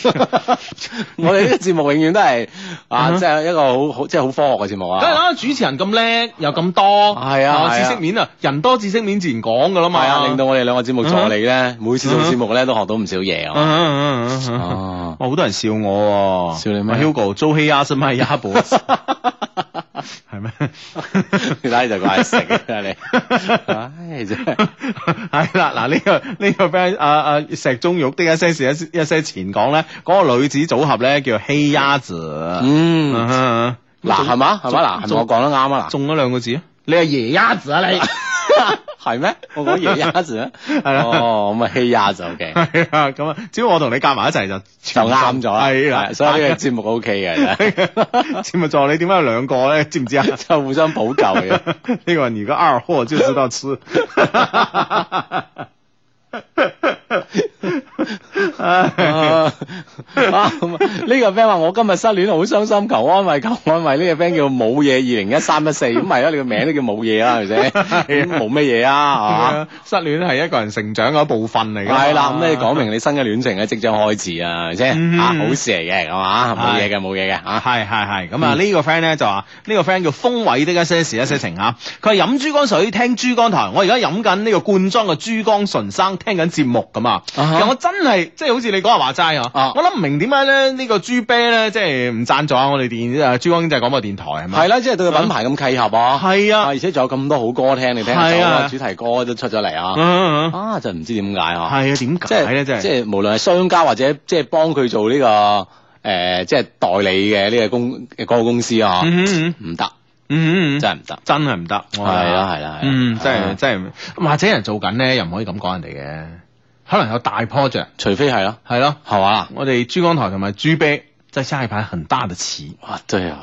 我哋呢個節目永遠都係啊，即係、uh huh. 一個好好即係好科學嘅節目啊！梗係 啦，主持人咁叻又咁多，係 啊知識、啊、面啊， 人多知識面自然講嘅咯嘛。係 啊，令到我哋兩個節目助理咧，每次做節目咧都學到唔少嘢啊！哦，好多人笑我，笑你咩？Hugo，周黑鴨食埋鴨脖。 係咩？你睇就怪食，這個這個，啊，你唉，真係係啦，嗱呢個呢個 friend 啊啊，石中玉的一些事，一一些前講咧，嗰、那個女子組合咧叫希亞子嗯，嗱，係嘛係嘛嗱，我講得啱啊嗱，嗯、中咗兩個字啊。你係野鴨子啊你，係咩？我講野鴨子啊，係啦。 啊、 哦，我咪欺鴨子 OK。係啊，咁啊，只要我同你夾埋一齊就就啱咗。係， 所以呢個節目 O K 嘅，節目助理點解有兩個咧？知唔知啊？ 就互相補救嘅。呢 個人如果 out 貨就知道吃。 呢個 friend 話我今日失戀好傷心，求，求安慰，求安慰。呢個 friend 叫冇嘢二零一三一四，咁係的啊，你個名都叫冇嘢啦，係咪先？冇乜嘢啊，係、啊、失戀係一個人成長嘅一部分嚟，係啦。咁你講明你新嘅戀情咧即將開始啊，先吓，好事嚟嘅，係嘛？冇嘢嘅，冇嘢嘅，啊的，係係係。咁啊，呢、嗯嗯、個 friend 咧就話，呢、這個 friend 叫風偉的一些事一些情吓。佢係飲珠江水，聽珠江台。我而家飲緊呢個罐裝嘅珠江純生。聽緊節目咁啊！我真係，即係好似你講話齋啊。我諗唔明點解咧呢個珠啤咧，即係唔贊助下我哋電珠江經濟廣播電台係咪？係啦，即係對個品牌咁契合啊！係、uh huh. 啊，而且仲有咁多好歌聽，你聽咗首、uh huh. 主題歌都出咗嚟啊！Uh huh. 啊，就唔知點解啊。係、uh huh. 啊，點解咧？即係即係，即係、無論係商家或者即係幫佢做呢、這個誒，即、呃、係、即係、代理嘅呢個公歌公司啊。唔得、uh。Huh. 嗯嗯，真係唔得，真係唔得，係啦係啦係，嗯，真係真係，或者人做緊咧，又唔可以咁講人哋嘅，可能有大 project，除非係咯，係咯，係嘛，我哋珠江台同埋珠啤，即係揸一盤很大的棋，啊，對啊，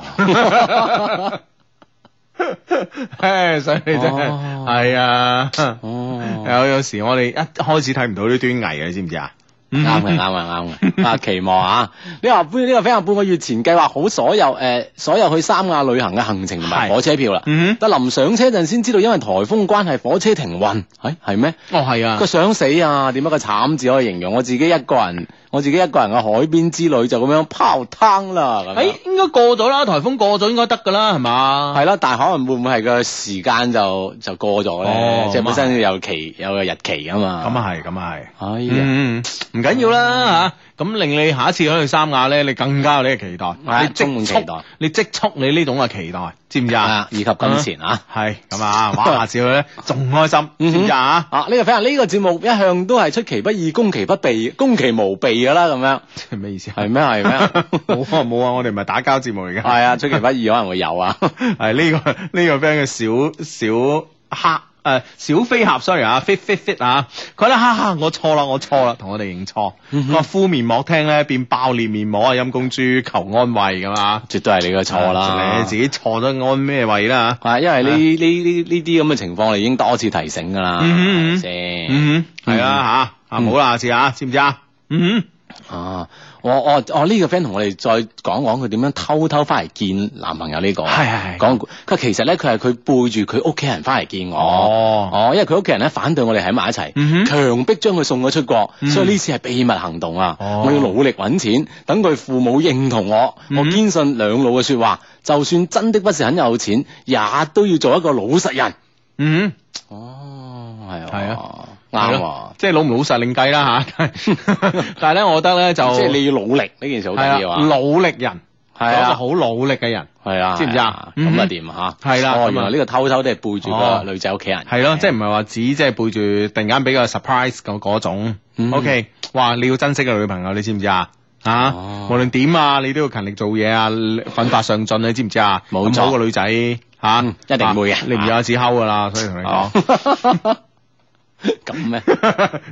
唉，所以真係，係啊，有有時我哋一開始睇唔到啲端倪嘅，你知唔知啊？啱嘅，啱嘅，啱嘅。啊，期望啊！ 你話呢個飛行半個月前計劃好所有誒、呃，所有去三亞旅行嘅行程同埋火車票啦。啊嗯、哼但臨上車陣先知道，因為台風關係火車停運，係係咩？哦，係啊，佢想死啊！點解個慘字可以形容我自己一個人。我自己一個人嘅海邊之旅就咁樣泡湯啦。誒、欸，應該過咗啦，台風過咗應該得噶啦，係嘛？係啦， 但係可能會唔會係個時間就就過咗咧？即係本身有期有個日期啊嘛。咁啊係，咁係，哎，唔緊要啦吓。咁令你下一次可以去三亞咧，你更加有呢個期待，嗯、你充滿期待，你積蓄你呢種嘅期待，知唔知啊？以及金錢啊，係係嘛啊！話下次去咧仲開心， 知唔知啊？啊呢、呢個 friend 呢、呢個節目一向都係出其不意、攻其不備、攻其無備嘅啦，咁樣咩意思啊？係咩係咩？冇啊冇啊！我哋唔係打交節目嚟嘅。係 啊！出其不意可能會有啊！係 呢、 呢個呢、呢個 friend 嘅小小黑。小小小小小飛俠，sorry 啊，fit fit fit 啊，佢咧，哈、啊、哈，我錯啦，我錯啦，同我哋認錯，啊、嗯哼，敷面膜聽咧變爆裂面膜啊，陰公豬求安慰咁啊，絕對係你嘅錯啦，你、嗯、自己錯咗安咩位啦吓，啊，因為呢呢呢呢啲咁嘅情況，我已經多次提醒噶啦，係咪先？嗯，係啊，吓，吓唔好啦，下次啊，知唔知啊？嗯，哦。哦哦這個，我我我呢個 friend 同我哋再講講佢點樣偷偷翻嚟見男朋友呢，這個，係係係，講佢其實咧佢係佢背住佢屋企人翻嚟見我，哦哦，因為佢屋企人咧反對我哋喺埋一齊，強逼將佢送咗出國，嗯、所以呢次係秘密行動啊，我要、哦、努力揾錢，等佢父母認同我，嗯、哼我堅信兩老嘅說話，就算真的不是很有錢，也都要做一個老實人。嗯哼，哦、係、哎、啊。哎即係老唔老實另計啦吓。但係咧，我覺得咧就即係你要努力呢件事好重要啊！努力人係啊，好努力嘅人係啊，知唔知啊？咁啊點吓？係啦，原來呢個偷偷都係背住個女仔屋企人。係咯，即係唔係話只即係背住，突然間俾個 surprise 咁嗰種。OK，哇！你要珍惜個女朋友，你知唔知啊？啊，無論點啊，你都要勤力做嘢啊，奮發上進，你知唔知啊？冇錯，咁好個女仔吓，一定會啊。你唔要有紙摳噶啦，所以同你講。咁咩？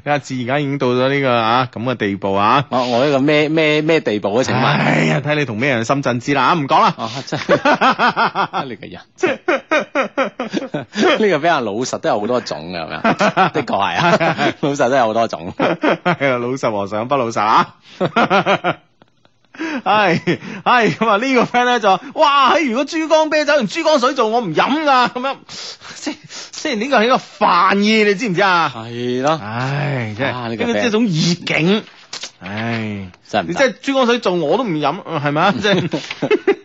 阿志而家已經到咗呢、這個啊，咁嘅地、啊啊、地步啊！我我呢個咩咩咩地步嘅情況？哎呀，睇你同咩人深圳知啦，唔講啦。哦、啊，真係呢個人，呢 個比較老實都有好多種嘅，係咪啊？的確係啊，老實都有好多種，老實和尚不老實啊！ 係係咁啊！呢、哎哎這個 friend 咧就話：哇！如果珠江啤酒同珠江水做，我唔飲㗎咁樣。即即係呢個係一個範意，你知唔知的、哎、啊？係咯，唉、啊，哎、真係呢即係一種意境。唉，真你即係珠江水做我都唔飲，係咪啊？真。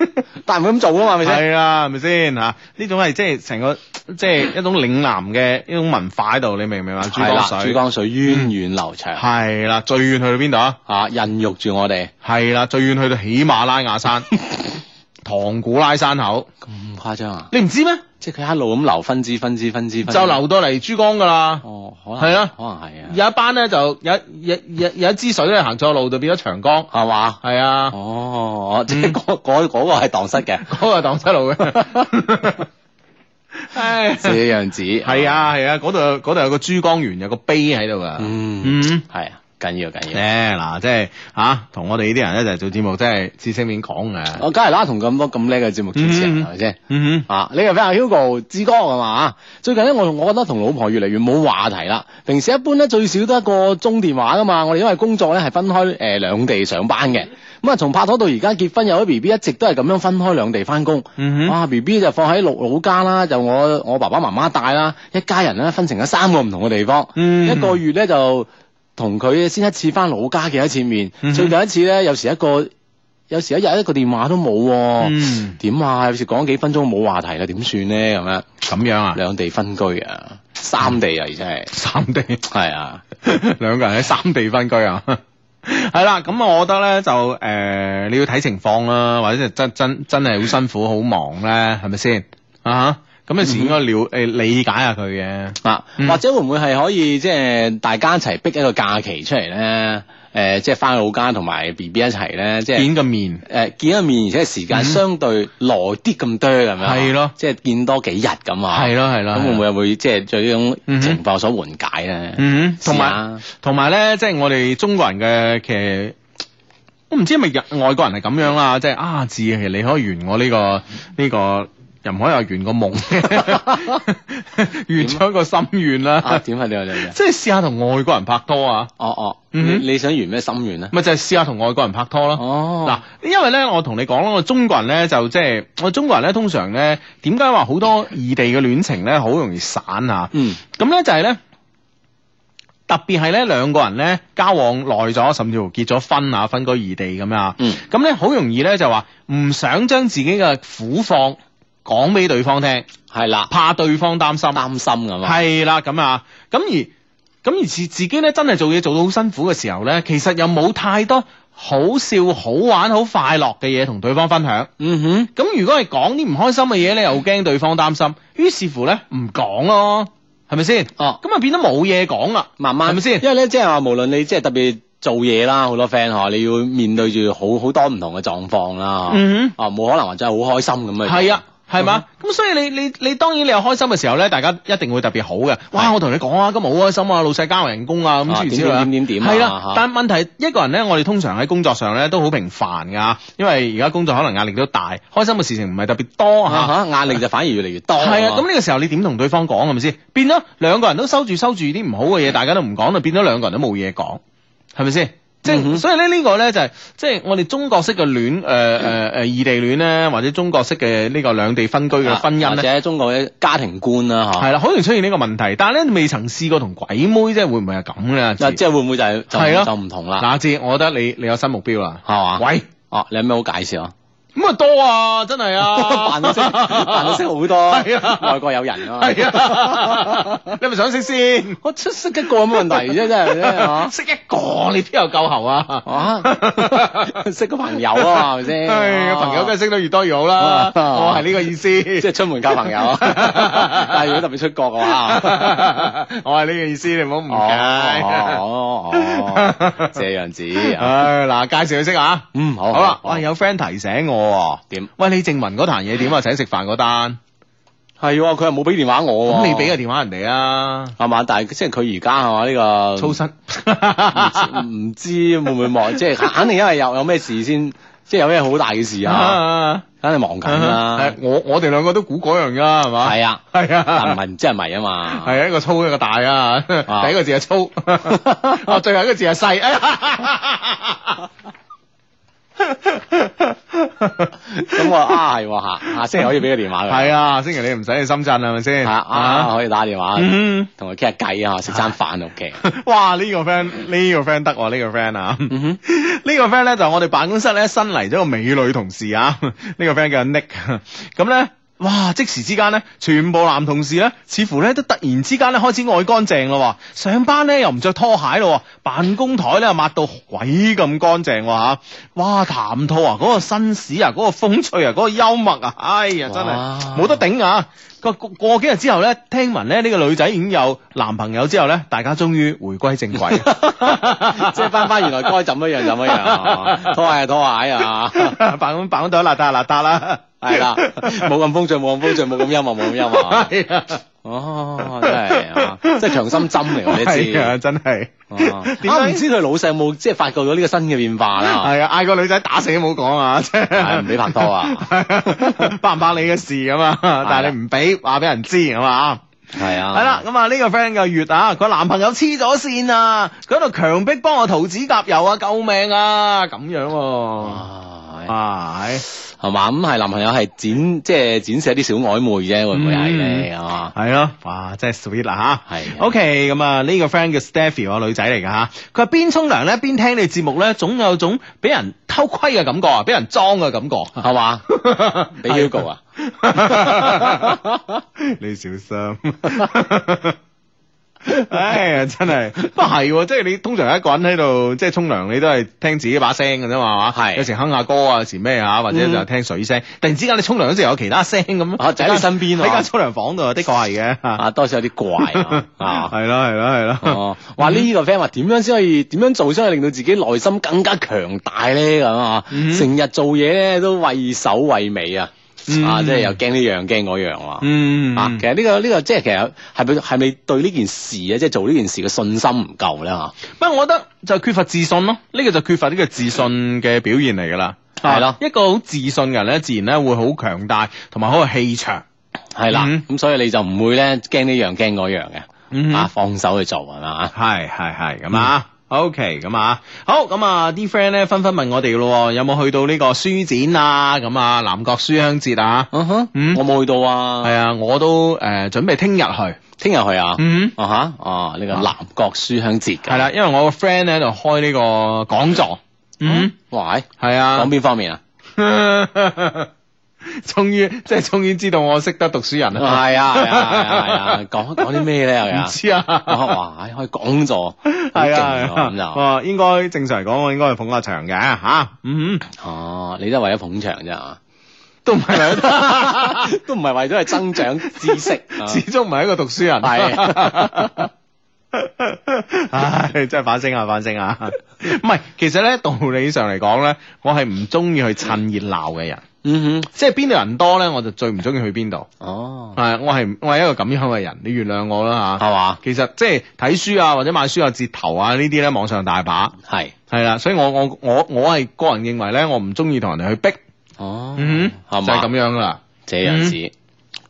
但唔會咁做啊嘛，係咪先？係啊的，係咪先？吓的，呢種係即係成個，即係一種嶺南嘅一種文化喺度，你明唔明啊？珠江水，嗯、珠江水源遠流長。係啦，最遠去到邊度啊？吓，孕育住我哋。係啦，最遠去到喜馬拉雅山， 唐古拉山口。咁誇張啊？你唔知咩？即係佢一路咁流分支、分支、分支，就流到嚟珠江㗎喇。哦，可能係啊，可能係啊。有一班咧，就有一、有、有、有有一支水咧行錯路，就, туда, 就變咗長江，係嘛？係啊。哦，即係嗰嗰嗰個係盪失嘅，嗰個係盪失路嘅。係。這樣子係啊係啊，嗰度嗰度有個珠江源，有個碑喺度噶。嗯，係啊。緊要緊要，誒，嗱、yeah,，即係吓，同、啊、我哋呢啲人一齊就做節目，即係知識面廣嘅。我梗係啦，同咁多咁叻嘅節目主持人，係咪先？嗯哼，啊，呢個非常 Hugo 志哥係嘛？最近咧，我我覺得同老婆越嚟越冇話題啦。平時一般咧最少都一個鐘電話噶嘛。我哋因為工作咧係分開誒兩、呃、地上班嘅。咁啊，從拍拖到而家結婚有咗 B B，一直都係咁樣分開兩地翻工。嗯 b 哼 B、啊、就放喺老老家啦，就我我爸爸媽媽帶啦，一家人咧分成咗三個唔同嘅地方。嗯、一個月咧就。同佢先一次翻老家嘅一次面，嗯、哼最近一次咧，有時一個，有時一日一個電話都冇，哦，點、嗯、啊？有時講幾分鐘冇話題啦，點算咧？咁樣咁樣啊？兩地分居啊，三地啊，而且係三地，係啊，兩 個人喺三地分居啊，係 啦。咁我覺得咧就誒、呃，你要睇情況啦，或者真真真係好辛苦、好忙咧，係咪先啊？Uh huh? 咁有時應該了誒理解下佢嘅啊，嗯、或者會唔會係可以即係、就是、大家一齊逼一個假期出嚟咧？誒、呃，即係翻去老家同埋 B B 一齊咧，即、就、係、是、見個面誒、呃，見個面而且時間相對耐啲咁多點點，係咪啊？係咯嗎，即係的見多幾日咁啊？係咯係咯，咁會唔會即係在呢種情況所緩解咧？同埋同埋咧，即、嗯、係、就是、我哋中國人嘅其實我唔知係咪外國人係咁樣啦？即、就、係、是、啊，自係你可以圓我呢個呢個。這個這個又唔可以話、啊、圓個夢，圓咗一個心願啦。啊，點啊？點啊？點啊？即係試下同外國人拍拖啊！哦哦，你、哦嗯、你想圓咩心願？咧？咪就係試下同外國人拍拖咯、啊。哦，嗱，因為咧，我同你講啦，我中國人咧就即、就、係、是、我中國人咧，通常咧點解話好多異地嘅戀情咧好容易散啊？嗯，咁咧就係咧特別係咧兩個人咧交往耐咗，甚至乎結咗婚啊，分居異地咁樣啊。嗯，咁咧好容易咧就話唔想將自己嘅苦況。講俾對方聽，係啦的，怕對方擔心，擔心咁樣，係啦，咁啊，咁而咁而自己咧，真係做嘢做到好辛苦嘅時候咧，其實又冇太多好笑、好玩、好快樂嘅嘢同對方分享。嗯哼，咁如果係講啲唔開心嘅嘢，你又驚對方擔心，於是乎咧唔講咯，係咪先？哦，咁啊變得冇嘢講啦，慢慢係咪先？因為咧，即係話無論你即係特別做嘢啦，好多 friend 嗬，你要面對住好好多唔同嘅狀況啦。嗯哼，啊，冇可能話真係好開心咁啊，係啊的。係嘛咁，所以你你你當然你有開心嘅時候咧，大家一定會特別好嘅。哇！是我同你講、嗯、啊，今日好開心啊，老細加人工啊，咁諸如此類係啦。但問題一個人咧，我哋通常喺工作上咧都好平凡噶，因爲而家工作可能壓力都大，開心嘅事情唔係特別多吓，壓、啊哈啊、力就反而越嚟越多。係啊，咁呢、啊啊、個時候你點同對方講係咪先變咗？兩個人都收住收住啲唔好嘅嘢，嗯、大家都唔講，就變咗兩個人都冇嘢講，係咪先？即係，嗯、所以咧呢個咧就係，即係我哋中國式嘅戀，誒誒誒異地戀咧，或者中國式嘅呢個兩地分居嘅婚姻咧，或者中國嘅家庭觀啦，嚇，係啦，好容易出現呢個問題。但係咧，未曾試過同鬼妹即啫，會唔會係咁嘅？即係會唔會就係的就唔同啦？嗱、呃，阿志，我覺得你你有新目標啦，係嘛吧？喂，哦、啊，你有咩好介紹啊？咁啊多啊，真係啊，扮到識，扮到識好多，係啊，外國有人啊，嘛，係啊，你咪想識先，我出識一個有冇問題啫，真係，識一個你邊有夠喉啊，啊，識個朋友啊，係咪先？個朋友梗係識得越多越好啦，我係呢個意思，即係出門交朋友，但係如果特別出國嘅話，我係呢個意思，你唔好誤解，哦哦，這樣子，嗱，介紹佢識啊，嗯，好，好啦，我係有 friend 提醒我。點？哦、喂，李正文嗰壇嘢點啊？請食飯嗰單係，佢又冇俾電話我、啊。咁你俾個電話人哋啊，係嘛？但係即係佢而家係嘛呢個？粗心身，唔 知，知會唔會忙？即係肯定因為有有咩事先，即係有咩好大嘅事啊？ 肯定忙緊、啊、啦、 啊啊。我我哋兩個都估嗰樣噶，係、啊、 嘛？係 啊，係啊，但唔係唔知係咪啊嘛？係一個粗一個大啊，一大 第一個字係粗， 最後一個字係細。 咁 我啊係下星期可以俾個電話佢。係啊，星期你唔使去深圳係咪先？吓、 啊，可以打電話，同佢傾下偈啊，食餐飯 OK， 哇，這個這個這個、 個呢個 friend 呢個 friend 得呢個 friend 啊，呢個 friend 咧就係、我哋辦公室咧新嚟咗個美女同事啊， 個 呢個 friend 叫 Nick，咁咧。哇！即時之間呢，全部男同事呢，似乎呢，都突然之間呢，開始愛乾淨咯喎，上班呢，又唔着拖鞋咯，辦公台呢抹到鬼咁乾淨喎吓、啊！哇，談吐啊，嗰、嗰個紳士啊，嗰、嗰個風趣啊，嗰、嗰個幽默啊，哎呀，真係冇哇得頂啊！過過幾日之後咧，聽聞咧呢、這個女仔已經有男朋友之後咧，大家終於回歸正軌， 即係翻翻原來該怎乜樣怎乜樣，啊，拖鞋啊拖鞋啊，辦公辦公枱邋遢啊邋遢 啦，係啦，冇咁風趣冇咁風趣冇咁幽默，冇咁幽默。 哦、啊，真係、啊啊，即係強心針嚟我知次，真係。點解唔知佢老細有冇即係發覺咗呢個新嘅變化啊？係啊，嗌個女仔打死都冇講啊，即唔俾拍拖啊，拍唔拍你嘅事咁啊？ 但係你唔俾話俾人知咁啊？係的的啊，係啦咁啊，呢個 friend 嘅月啊，佢男朋友黐咗線啊，佢喺度強逼幫我塗指甲油啊，救命啊，咁樣、啊。 啊，係，係嘛，咁係男朋友係剪，即係剪寫啲小曖昧啫，會唔會嗌你？係嘛、嗯，係咯，哇，真係 sweet 啦吓，係。O K，咁啊，呢個 friend 叫 Stephy 啊，女仔嚟噶吓，佢話邊沖涼咧，邊聽你節目咧，總有種俾人偷窺嘅感覺啊，俾人裝嘅感覺，係嘛？俾 Hugo 啊？你小心。 唉，真係，不係，即係你通常一個人喺度，即係沖涼，你都係聽自己把聲嘅啫嘛，係，有時哼下歌啊，有時咩吓，或者就聽水聲。突然之間你沖涼嗰時候有其他聲咁，啊，就喺你身邊喺間沖涼房度，的確係嘅，啊，多少有啲怪啊，係啦係啦係啦，話呢個 friend 話點樣先可以，點樣做先可以令到自己內心更加強大咧咁啊，成日做嘢咧都畏首畏尾啊。嗯、啊！即係又驚呢樣驚嗰樣啊、嗯！嗯，啊，其實呢、這個呢、這個即係其實係咪係咪對呢件事啊，即、就、係、是、做呢件事嘅信心唔夠咧吓？不過，我覺得就缺乏自信咯。呢、這個就缺乏呢個自信嘅表現嚟噶啦。係、啊、啦，咯一個好自信嘅人咧，自然咧會好強大，同埋好有氣場。係啦，咁所以你就唔會咧驚呢樣驚嗰樣嘅。嗯、哼啊，放手去做係嘛？係係係咁啊！是 O.K. 咁啊，好咁啊，啲 friend 咧，紛紛問我哋咯，有冇去到呢個書展啊？咁啊，南國書香節啊？Uh huh, 嗯、我冇去到啊。係啊，我都誒、呃、準備聽日去，聽日去啊。嗯，uh、huh, 啊嚇，這個、啊呢個南國書香節。係啦、啊，因為我個 friend 咧就開呢個講座。嗯，嗯，哇，係、欸，係啊，講邊方面啊？ 終於即係，終於知道我識得讀書人啦！係像啊係啊係啊，講，講啲咩咧又？唔知啊！哇，哎、可以講座係啊咁就， 應該正常嚟講，我應該係捧下場嘅吓、啊。嗯哦、啊，你都為咗捧場啫嘛？ 都唔係，都唔係為咗係增長知識， 始終唔係一個讀書人。係，唉，真係反省下反省下。唔係， 其實咧，道理上嚟講咧，我係唔中意去趁熱鬧嘅人。嗯哼，即係邊度人多咧，我就最唔中意去邊度。哦，係，我係我係一個咁樣嘅人，你原諒我啦吓，係嘛吧？其實即係睇書啊，或者買書有折頭啊，呢啲咧網上大把。係係啦，所以我我我我係個人認為咧，我唔中意同人哋去逼。哦，嗯哼，係嘛吧，就係咁樣啦，這樣子，嗯。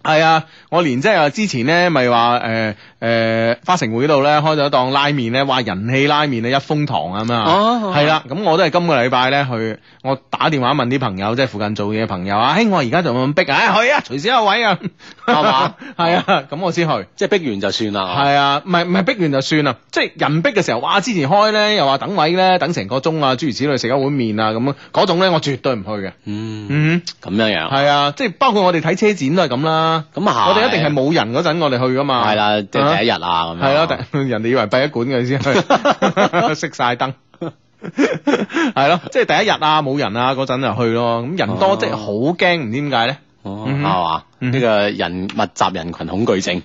係啊，我連即係之前咧，咪話誒誒花城匯度咧開咗檔拉麵咧，話人氣拉麵啊，一風堂啊咁啊，係啦，哦，咁我都係今個禮拜咧去，我打電話問啲朋友，即係附近做嘢嘅朋友啊，誒，我而家就咁逼，啊，哎，去啊，隨時有位啊，係嘛？係啊，咁我先去，即係逼完就算啦，係啊，唔係唔係逼完就算啊，即係人逼嘅時候，哇，之前開咧又話等位咧等成個鐘啊，諸如此類，食一碗麵啊咁啊，嗰種咧我絕對唔去嘅，嗯嗯，咁樣樣，係啊，即係包括我哋睇車展都係咁啦。咁啊！嗯、我哋一定係冇人嗰陣，我哋去噶嘛。係啦，即係第一日啊，咁樣。係咯，人哋以為閉一館嘅先去，熄晒燈。係 咯，即係第一日啊，冇人啊嗰陣就去咯。咁人多即係好驚，唔知點解咧？哦，係嘛，呢個人密集人群恐懼症，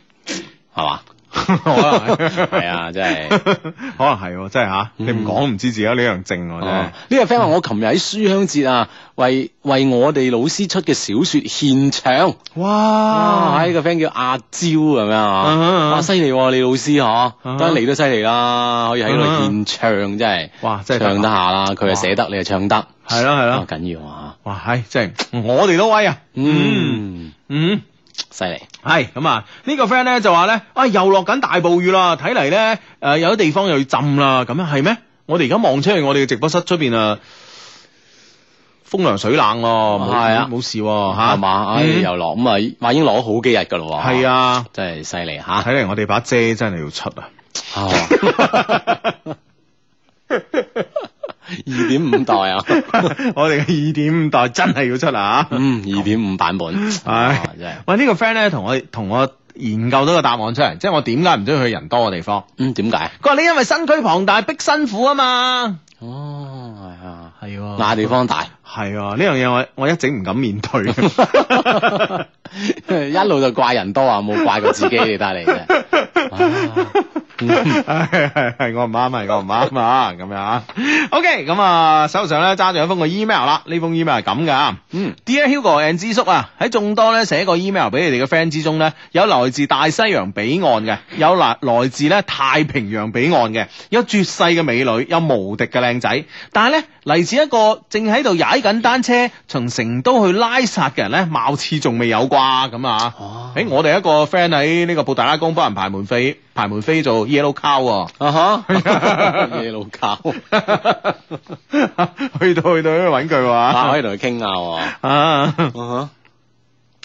係嘛。 係啊，真係可能係，真係吓，你唔講唔知自己呢樣正，真係。呢個 friend 話我琴日喺書香節啊，為為我哋老師出嘅小說獻唱，哇！係，個 friend 叫阿蕉咁樣啊，哇，犀利，你老師嗬，當然嚟,都犀利啦，可以喺度獻唱，真係。哇，真係唱得下啦，佢又寫得，你又唱得，係咯係咯，唔緊要啊。哇，係，真係我哋都威啊，嗯嗯，犀利。係咁、哎、啊！這個、呢，呢、哎呢呃、個 friend 咧就話咧，啊又落緊大暴雨啦，睇嚟咧，誒有啲地方又要浸啦，咁樣係、啊、咩？我哋而家望出去，我哋嘅直播室出邊啊，風涼水冷咯，係啊，冇事吓嘛，唉又落咁啊，話已經落咗好幾日噶咯，係啊，真係犀利吓，睇、啊、嚟我哋把遮真係要出啊。 二點五代， 代啊！我哋嘅二點五代真係要出嚟吓！嗯，二點五版本，係、 啊、真係。喂，這個、呢個 friend 咧，同我同我研究到個答案出嚟，即係我點解唔中意去人多嘅地方？嗯，點解？佢話你因為身軀龐大，逼辛苦啊嘛。哦，係啊，係啊，那地方大，係啊，呢樣嘢我我一直唔敢面對， 一路就怪人多啊，冇怪過自己嚟，你睇你。係我唔啱，係我唔啱啊！咁樣啊，OK，咁、嗯、啊，手上咧揸住一封個 email 啦。呢封 email 係咁噶，嗯，Dear Hugo and 之叔啊，喺眾 多咧寫個 email 俾你哋嘅 friend 之中咧，有來自大西洋彼岸嘅，有來來自咧太平洋彼岸嘅，有絕世嘅美女，有無敵嘅靚仔，但係咧。嚟自一個正喺度踩緊單車從成都去拉薩嘅人咧，貌似仲未有啩咁啊！哦、啊欸，我哋一個 friend 喺呢個布達拉宮幫人排門飛，排門飛做 yellow cow 啊嚇，yellow cow，去到去到去揾佢話，可以同佢傾下啊！啊，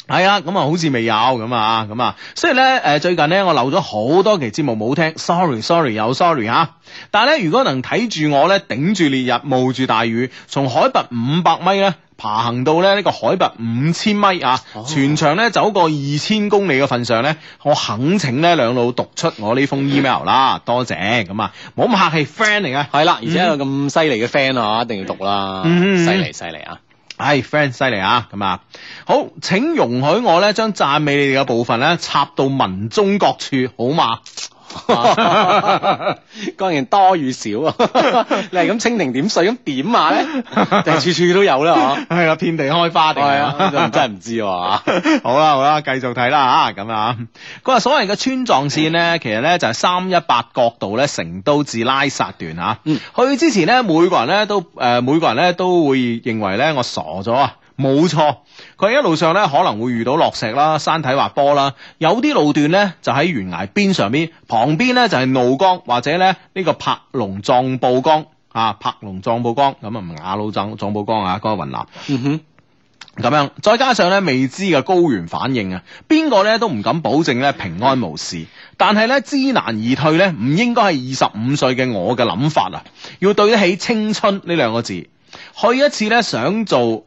係、 哎、啊，咁啊，好似未有咁啊，咁啊，雖然咧，誒，最近咧，我漏咗好多期節目冇聽，sorry，sorry，有 sorry 啊。但係咧，如果能睇住我咧，頂住烈日，冒住大雨，從海拔五百米咧，爬行到咧呢個海拔五千米啊，oh. 全場咧走過二千公里嘅份上咧，我懇請咧兩老讀出我呢封 email 啦，多謝咁啊，冇咁客氣，friend 嚟啊，係 啦，而且有咁犀利嘅 friend 啊，一定要讀啦，犀利犀利啊！唉、哎、friend 犀利啊，咁啊，好，請容許我咧，將讚美你哋嘅部分咧，插到民中各處，好嗎？ 當然多與少，啊， 你係咁蜻蜓點水咁點嘛咧？就處處都有啦，嗬。 係啊，遍地開花， 真係唔知、啊 好。好啦，好啦，繼續睇啦吓，咁啊，嗰個所謂嘅川藏線咧，其實咧就係三一八國道咧，成都至拉薩段吓。嗯、去之前咧、呃，每個人咧都誒，每個人咧都會認為咧我傻咗啊，冇錯。佢一路上咧可能會遇到落石啦、山體滑坡啦，有啲路段咧就喺懸崖邊上面，旁邊咧就係、是、怒江或者咧呢、這個帕隆藏布江，啊、江，江啊，帕隆藏布江咁啊，雅魯藏藏布江啊，嗰個雲南。咁、嗯、哼樣再加上咧未知嘅高原反應啊，邊個咧都唔敢保證咧平安無事。但係咧知難而退咧，唔應該係二十五歲嘅我嘅諗法啊，要對得起青春呢兩個字。去一次咧，想做誒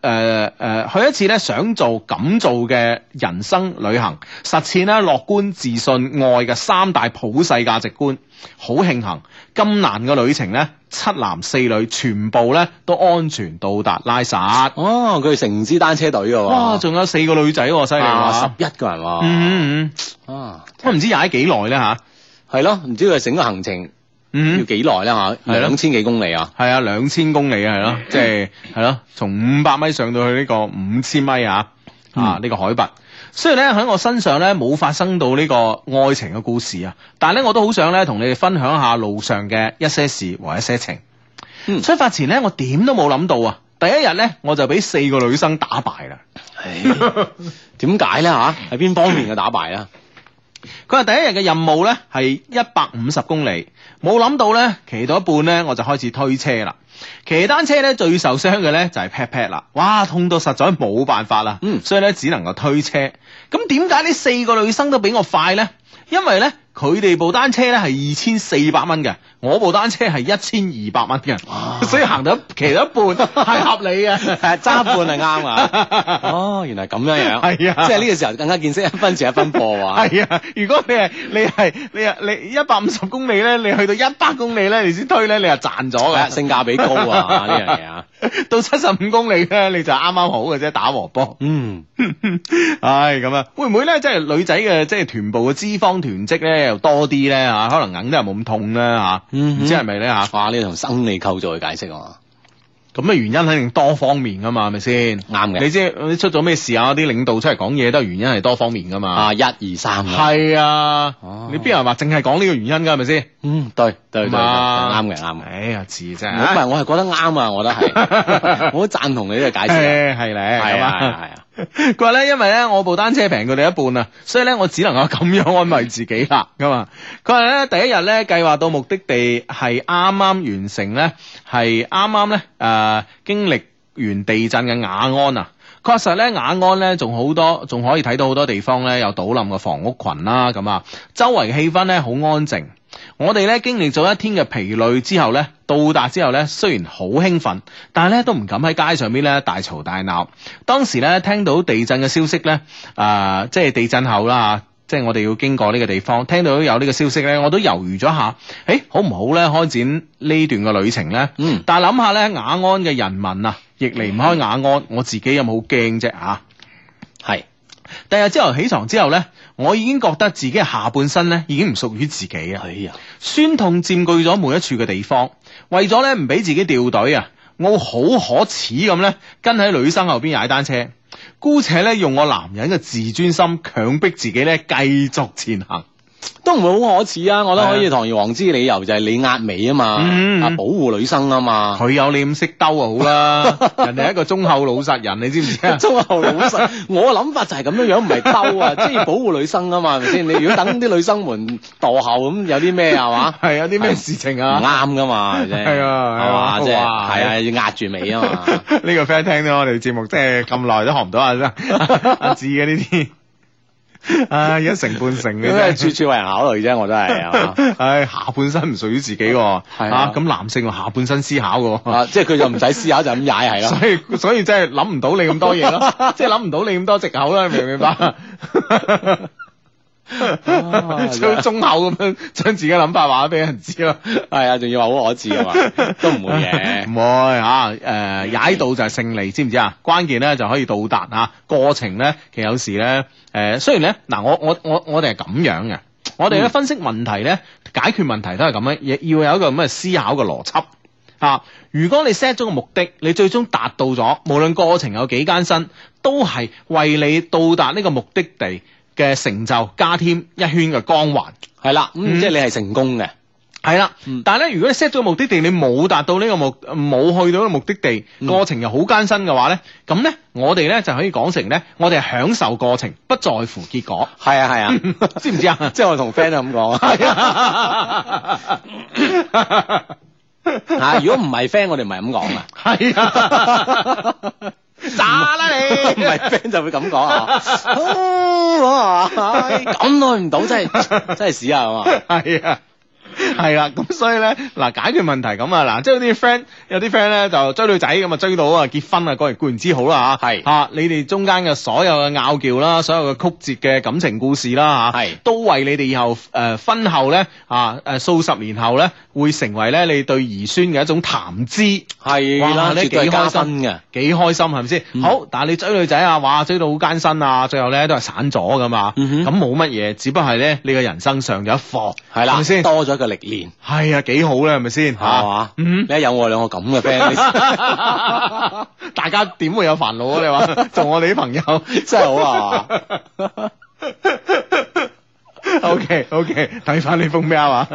誒誒，去一次咧想做噉做嘅人生旅行，實踐咧樂觀、自信、愛嘅三大普世價值觀。好慶幸咁難嘅旅程咧，七男四女全部咧都安全到達拉薩。哦，佢係成支單車隊嘅、啊。哇，仲有四個女仔、啊，犀利喎，十一個人哇、啊嗯。嗯嗯啊，咁唔知踩幾耐咧吓？係、啊、咯，唔知佢整個行程。嗯，要幾耐咧？吓，兩千幾公里啊？係啊，兩千公里啊，係咯，即係係咯，從五百米上到去呢個五千米啊，嗯、啊，呢、呢個海拔。雖然咧喺我身上咧冇發生到呢個愛情嘅故事啊，但係咧我都好想咧同你哋分享下路上嘅一些事和一些情。嗯、出發前咧，我點都冇諗到啊！第一日咧，我就俾四個女生打敗啦。點解咧？吓、啊，係邊方面嘅打敗啊？佢話第一日嘅任務呢係一百五十公里，冇諗到呢騎到一半呢，我就開始推車啦。騎單車呢最受傷嘅呢就係 pat pat 啦，哇，痛到實在冇辦法啦，嗯，所以呢只能夠推車。咁點解呢四個女生都比我快呢？因為呢。佢哋部單車咧係二千四百蚊嘅，我部單車係一千二百蚊嘅，哇所以行到騎到一半係合理嘅，揸 半係啱啊！ 哦，原來咁樣樣，係啊，即係呢個時候更加見識一分錢一分貨啊！啊，如果你係你係你啊你一百五十公里咧，你去到一百公里咧，你先推咧，你係賺咗嘅，啊，性價比高啊！呢樣嘢啊，到七十五公里咧，你就啱啱好嘅啫，打和波。嗯 唉，係咁啊，會唔會咧？即係女仔嘅即係臀部嘅脂肪囤積咧？又多啲咧嚇，可能硬啲又冇咁痛咧嚇，唔知係咪咧嚇？化呢同生理構造去解釋，咁嘅原因肯定多方面噶嘛，係咪先？啱嘅，你知你出咗咩事啊？啲領導出嚟講嘢都係原因係多方面噶嘛？啊，一二三，係啊，你邊人話淨係講呢個原因噶係咪先？嗯，對對啱嘅，啱嘅，哎呀，字啫。唔係我係覺得啱啊，我覺得係，我好贊同你呢個解釋，係你，係嘛，係啊。佢話咧，因為咧我部單車平佢哋一半啊，所以咧我只能夠咁樣安慰自己啦，咁啊。佢話咧第一日咧計劃到目的地係啱啱完成咧，係啱啱咧誒經歷完地震嘅雅安啊。確實咧雅安咧仲好多，仲可以睇到好多地方咧有倒冧嘅房屋群啦、啊，咁啊周圍氣氛咧好安靜。我哋咧經歷咗一天嘅疲累之後咧，到達之後咧，雖然好興奮，但係咧都唔敢喺街上面咧大嘈大鬧。當時咧聽到地震嘅消息咧，誒、呃，即係地震後啦，即係我哋要經過呢個地方，聽到有呢個消息咧，我都猶豫咗下，誒、欸，好唔好咧開展呢段嘅旅程咧？嗯，但係諗下咧，雅安嘅人民啊，亦離唔開雅安，嗯、我自己有冇好驚啫？吓、啊，係。第日朝頭起床之後咧，我已經覺得自己下半身咧，已經唔屬於自己啊！哎呀，酸痛佔據咗每一處嘅地方。為咗咧唔俾自己掉隊啊，我好可恥咁咧跟喺女生後邊踩單車，姑且咧用我男人嘅自尊心，強迫自己咧繼續前行。都唔會，好可恥啊！我覺得可以堂而皇之理由就係你壓尾啊嘛，啊保護女生啊嘛。佢有你咁識兜啊好啦，人哋一個忠厚老實人，你知唔知啊？忠厚老實，我嘅諗法就係咁樣樣，唔係兜啊，即係保護女生啊嘛，係咪先？你如果等啲女生們墮後咁，有啲咩啊嘛？係有啲咩事情啊？啱噶嘛，係啊，係嘛，即係，係啊，要壓住尾啊嘛。呢個 friend 聽咗我哋節目，即係咁耐都學唔到啊，阿知嘅呢啲。唉、 啊，一成半成嘅，處處為人考慮啫，我真係，唉、 哎，下半身唔屬於自己、啊，吓咁、 啊啊、男性下半身思考嘅、啊 啊，即係佢就唔使思考就咁踩係咯、啊，所以所以真係諗唔到你咁多嘢咯、啊，即係諗唔到你咁多藉口啦、啊，你明唔明白？ 最忠厚咁樣將自己嘅諗法話俾人知咯，係 會 啊，仲要話好可恥啊嘛，都唔會嘅，唔會吓。誒，踩到就係勝利，知唔知啊？關鍵咧就可以到達啊。過程咧，其實有時咧，誒、啊，雖然咧，嗱、啊，我我我我哋係咁樣嘅，我哋咧分析問題咧，解決問題都係咁樣，要有一個咁嘅思考嘅邏輯啊。如果你 set 咗個目的，你最終達到咗，無論過程有幾艱辛，都係為你到達呢個目的地。嘅成就加添一圈嘅光環，係啦，咁、嗯、即係你係成功嘅，係啦。嗯、但係咧，如果你 set 咗目的地，你冇達到呢個目冇去到個目的地，嗯、過程又好艱辛嘅話咧，咁咧我哋咧就可以講成咧，我哋係享受過程，不在乎結果。係啊係啊，知唔知啊？即係 我同 friend 都咁講 啊。係吓，如果唔係 friend，我哋唔係咁講啊，係啊 是的。 炸啦你 是！唔係 friend 就會咁講啊！咁耐唔到真係 真係屎啊！係嘛， 係啊！係啦，咁所以咧，嗱、嗯嗯嗯，解決問題咁啊，嗱即係有啲 friend，有啲 friend 咧就追女仔咁啊，追到啊，結婚啊過完固然之好啦吓，係吓、啊、你哋中間嘅所有嘅拗撬啦，所有嘅曲折嘅感情故事啦吓，係、啊、都為你哋以後誒、呃、婚後咧啊誒數十年後咧會成為咧你對兒孫嘅一種談資，係哇絕對開心嘅，幾開心係咪先？是是嗯，好，但係你追女仔啊，哇追到好艱辛啊，最後咧都係散咗噶嘛，咁冇乜嘢，只不過係咧你個人生上咗一課，係啦，係咪先多咗？嘅歷練係啊，幾好咧，係咪先吓？你一有我兩個咁嘅 friend，大家點會有煩惱啊？你話做我哋啲朋友真係好啊！OK，OK，睇翻呢封 mail 啊！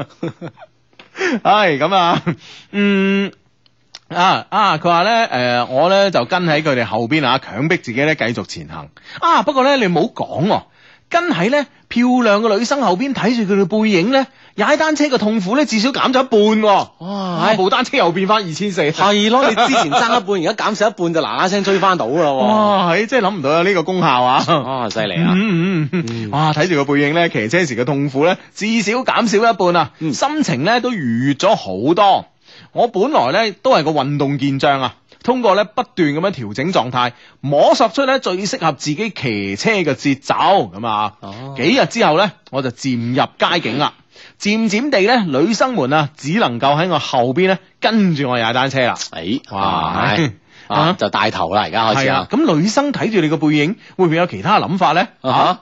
唉，咁、 哎、啊，嗯啊啊，佢話咧，誒、啊呃，我咧就跟喺佢哋後邊啊，強逼自己咧繼續前行 啊。不過咧，你唔好講，跟喺咧。漂亮嘅女生後邊睇住佢嘅背影咧，踩單車嘅痛苦咧至少減咗一半喎、哦。哇！唉部單車又變翻二千四，係咯，你之前爭一半，而家減少一半就嗱嗱聲追翻到啦喎。哇！係，真係諗唔到呀呢個功效啊！啊，犀利啊！嗯嗯，嗯嗯哇！睇住個背影咧，騎車時嘅痛苦咧至少減少一半啊，嗯、心情咧都愉悅咗好多。我本來咧都係個運動健將啊。通過咧不斷咁樣調整狀態，摸索出咧最適合自己騎車嘅節奏，咁啊、哦，幾日之後咧，我就漸入佳境啦。漸漸地咧，女生們啊，只能夠喺我後邊咧跟住我踩單車啦。哎，哇，啊就帶頭啦，而家開始啦。咁、啊、女生睇住你個背影，會唔會有其他諗法咧？啊，哈啊？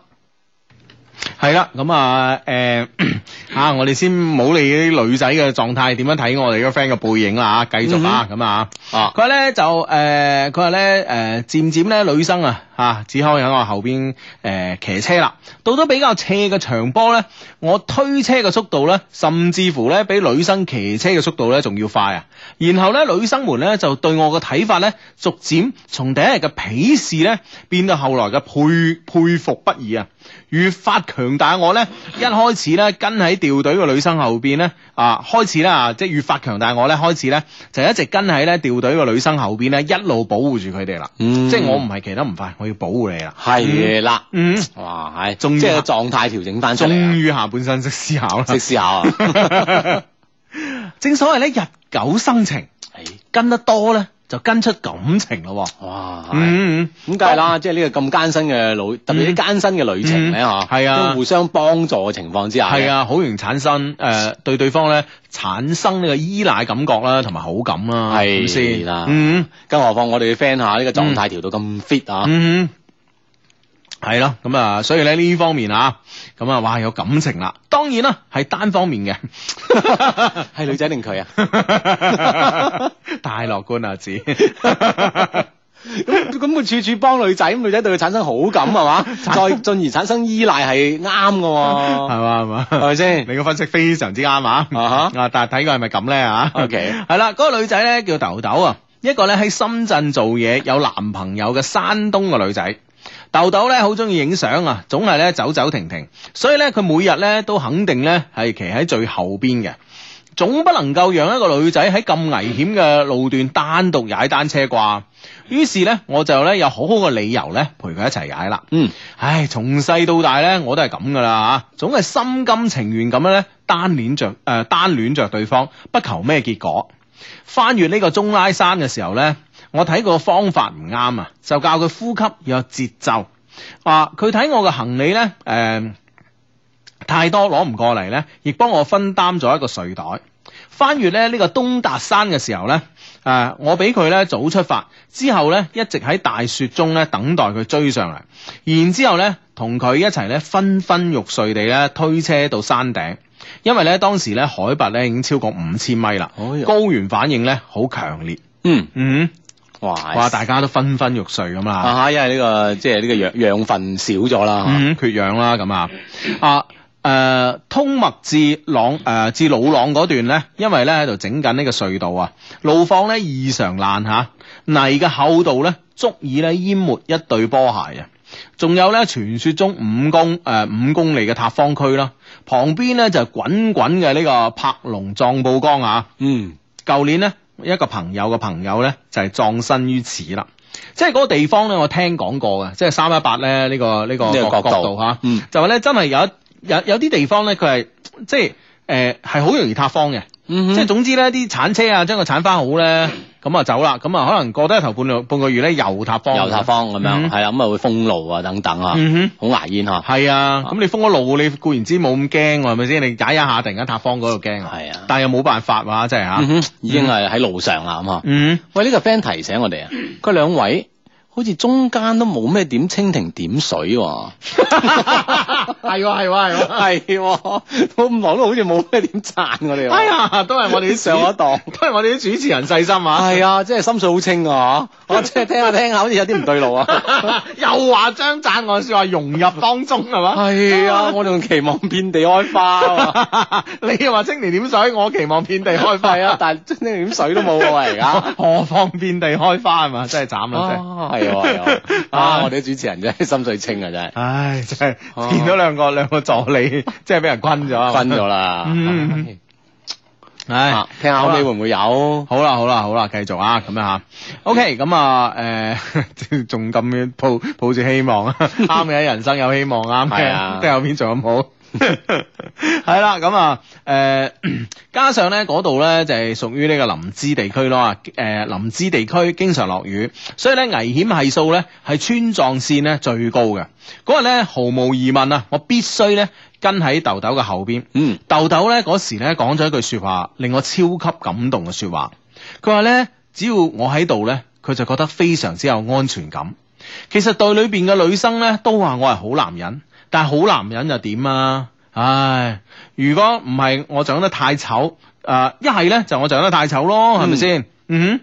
係啦，咁啊，誒、呃，吓、呃啊，我哋先冇理啲女仔嘅狀態，點樣睇我哋個 friend 嘅背影啦，吓、啊，繼續啊，咁啊，哦、嗯哼，佢話咧就，誒、呃，佢話咧，誒、呃，漸漸咧女生啊，吓、啊，只可以喺我後邊，誒、呃，騎車啦，到咗比較斜嘅長坡咧，我推車嘅速度咧，甚至乎咧，比女生騎車嘅速度咧，仲要快啊，然後咧，女生們咧就對我嘅睇法咧，逐漸從第一日嘅鄙視咧，變到後來嘅佩佩服不已啊。越發強大我呢，我咧一開始咧跟喺掉隊嘅女生後邊咧啊，開始啦，即係越發強大我呢，我咧開始咧就一直跟喺咧掉隊嘅女生後邊咧，一路保護住佢哋啦。嗯，即係我唔係騎得唔快，我要保護你啦。係啦了，嗯，哇，係，即係個狀態調整翻，終於下半身識思考啦，識思考啊。 正所謂咧，日久生情，跟得多咧。就跟出感情咯，哇！嗯，咁梗係啦，嗯、即係呢個咁艱辛嘅旅，嗯、特別啲艱辛嘅旅程咧，吓係、嗯嗯、啊，互相幫助嘅情況之下，係啊，好容易產生誒、呃、對對方咧產生呢個依賴感覺啦，同埋好感啦、啊，係咁先啦，嗯，更何況我哋 friend 下呢個狀態調到咁 fit 啊，嗯。係咯，咁啊，所以咧呢方面啊，咁啊，話，有感情啦。當然啦，係單方面嘅，係女仔定佢啊？太樂觀啊，子。咁佢處處幫女仔，咁女仔對佢產生好感係嘛？再進而產生依賴係啱㗎，係嘛係嘛，係咪先？你嘅分析非常之啱啊！啊，但係睇個係咪咁咧吓？OK，係啦，嗰個女仔咧叫豆豆啊，一個咧喺深圳做嘢有男朋友嘅山東嘅女仔。豆豆咧，好中意影相啊，總係咧走走停停，所以咧佢每日咧都肯定咧係騎喺最後邊嘅，總不能夠讓一個女仔喺咁危險嘅路段單獨踩單車啩。於是咧我就咧有好好嘅理由咧陪佢一齊踩啦。嗯，唉，從細到大咧我都係咁噶啦吓，總係心甘情願咁樣咧單戀着誒，單戀着對方，不求咩結果。翻完呢個中拉山嘅時候咧，我睇個方法唔啱啊，就教佢呼吸有節奏。啊，佢睇我嘅行李呢，誒、呃，太多攞唔過嚟呢，亦幫我分擔咗一個睡袋。翻越咧呢、這個東達山嘅時候呢，誒、呃，我俾佢呢早出發，之後呢一直喺大雪中咧等待佢追上嚟，然之後咧同佢一齊呢昏昏欲睡地咧推車到山頂，因為呢當時呢海拔呢已經超過五千米啦，oh、yeah. 高原反應呢好強烈。嗯嗯、mm。Hmm. 哇！哇！大家都昏昏欲睡咁啊！吓、這個，因為呢個即係呢個養養分少咗啦，嗯、吧缺氧啦咁啊！啊、呃、誒，通麥至朗誒、呃、至魯朗嗰段咧，因為咧喺度整緊呢個隧道啊，路況咧異常爛吓，泥嘅厚度咧足以咧淹沒一對波鞋啊！仲有咧傳說中五公誒、呃、五公里嘅塌方區啦，旁邊咧就滾滾嘅呢個帕隆藏布江啊！嗯，舊年咧。一個朋友嘅朋友咧，就係、係、葬身於此啦。即係嗰個地方咧，我聽講過嘅，即係三一八咧、呢、呢個呢個角度吓，度啊、嗯就，就話咧真係有有有啲地方咧，佢係即係誒係好容易塌方嘅。嗯、即係總之咧，啲鏟車啊，將佢鏟翻好咧，咁啊走啦，咁啊可能過得頭半兩半個月咧，又塌方，又塌方咁樣，係啊，咁啊會封路啊，等等啊，好牙煙啊。係啊，咁你封咗路，你固然之冇咁驚，係咪先？你踩一下，突然間塌方嗰度驚啊，係啊的，但係又冇辦法話，即係吓，已經係喺路上啦，咁啊、嗯哼，嗯哼，喂，呢、這個 friend 提醒我哋啊，佢兩、嗯、哼位。好似中間都冇咩點蜻蜓點水喎，係喎係喎係喎係喎，我咁耐都好似冇咩點讚我哋，哎啊，啊，都係、哎、我哋上一檔，都係我哋啲主持人細心啊，係 啊，即係心水好清啊，我、 啊、即係聽下聽下，好似有啲唔對路啊， 又張話將讚我説話融入當中係嘛，係啊、 哎，我仲期望遍地開花、啊， 你又話蜻蜓點水，我期望遍地開花啊， 但係蜻蜓點水都冇喎而家， 何況遍地開花係、啊、嘛， 真係斬啦，係。 今 spot 00 啊！我哋啲主持人真係心水清啊，真係。唉，真係見到兩個兩個助理，真係俾人昆咗，昆咗啦。唉，聽下啦。會唔會有？好啦，好啦，好啦，繼續啊！咁樣吓。OK，咁啊誒，仲咁樣抱抱住希望啊！啱嘅人生有希望，啱嘅。係啊。睇有邊仲有冇？係啦，咁 啊，誒、呃，加上咧嗰度咧就係屬於呢個林芝地區咯誒，林芝地區經常落雨，所以咧危險係數咧係川藏線咧最高嘅，嗰日咧毫無疑問啊，我必須咧跟喺豆豆嘅後邊。嗯，豆豆咧嗰時咧講咗一句說話，令我超級感動嘅說話，佢話咧只要我喺度咧，佢就覺得非常之有安全感。其實隊裏邊嘅女生咧都話我係好男人。但係好男人又點啊？唉，如果唔係我長得太醜，誒、呃，一係咧就我長得太醜咯，係咪先？嗯，嗯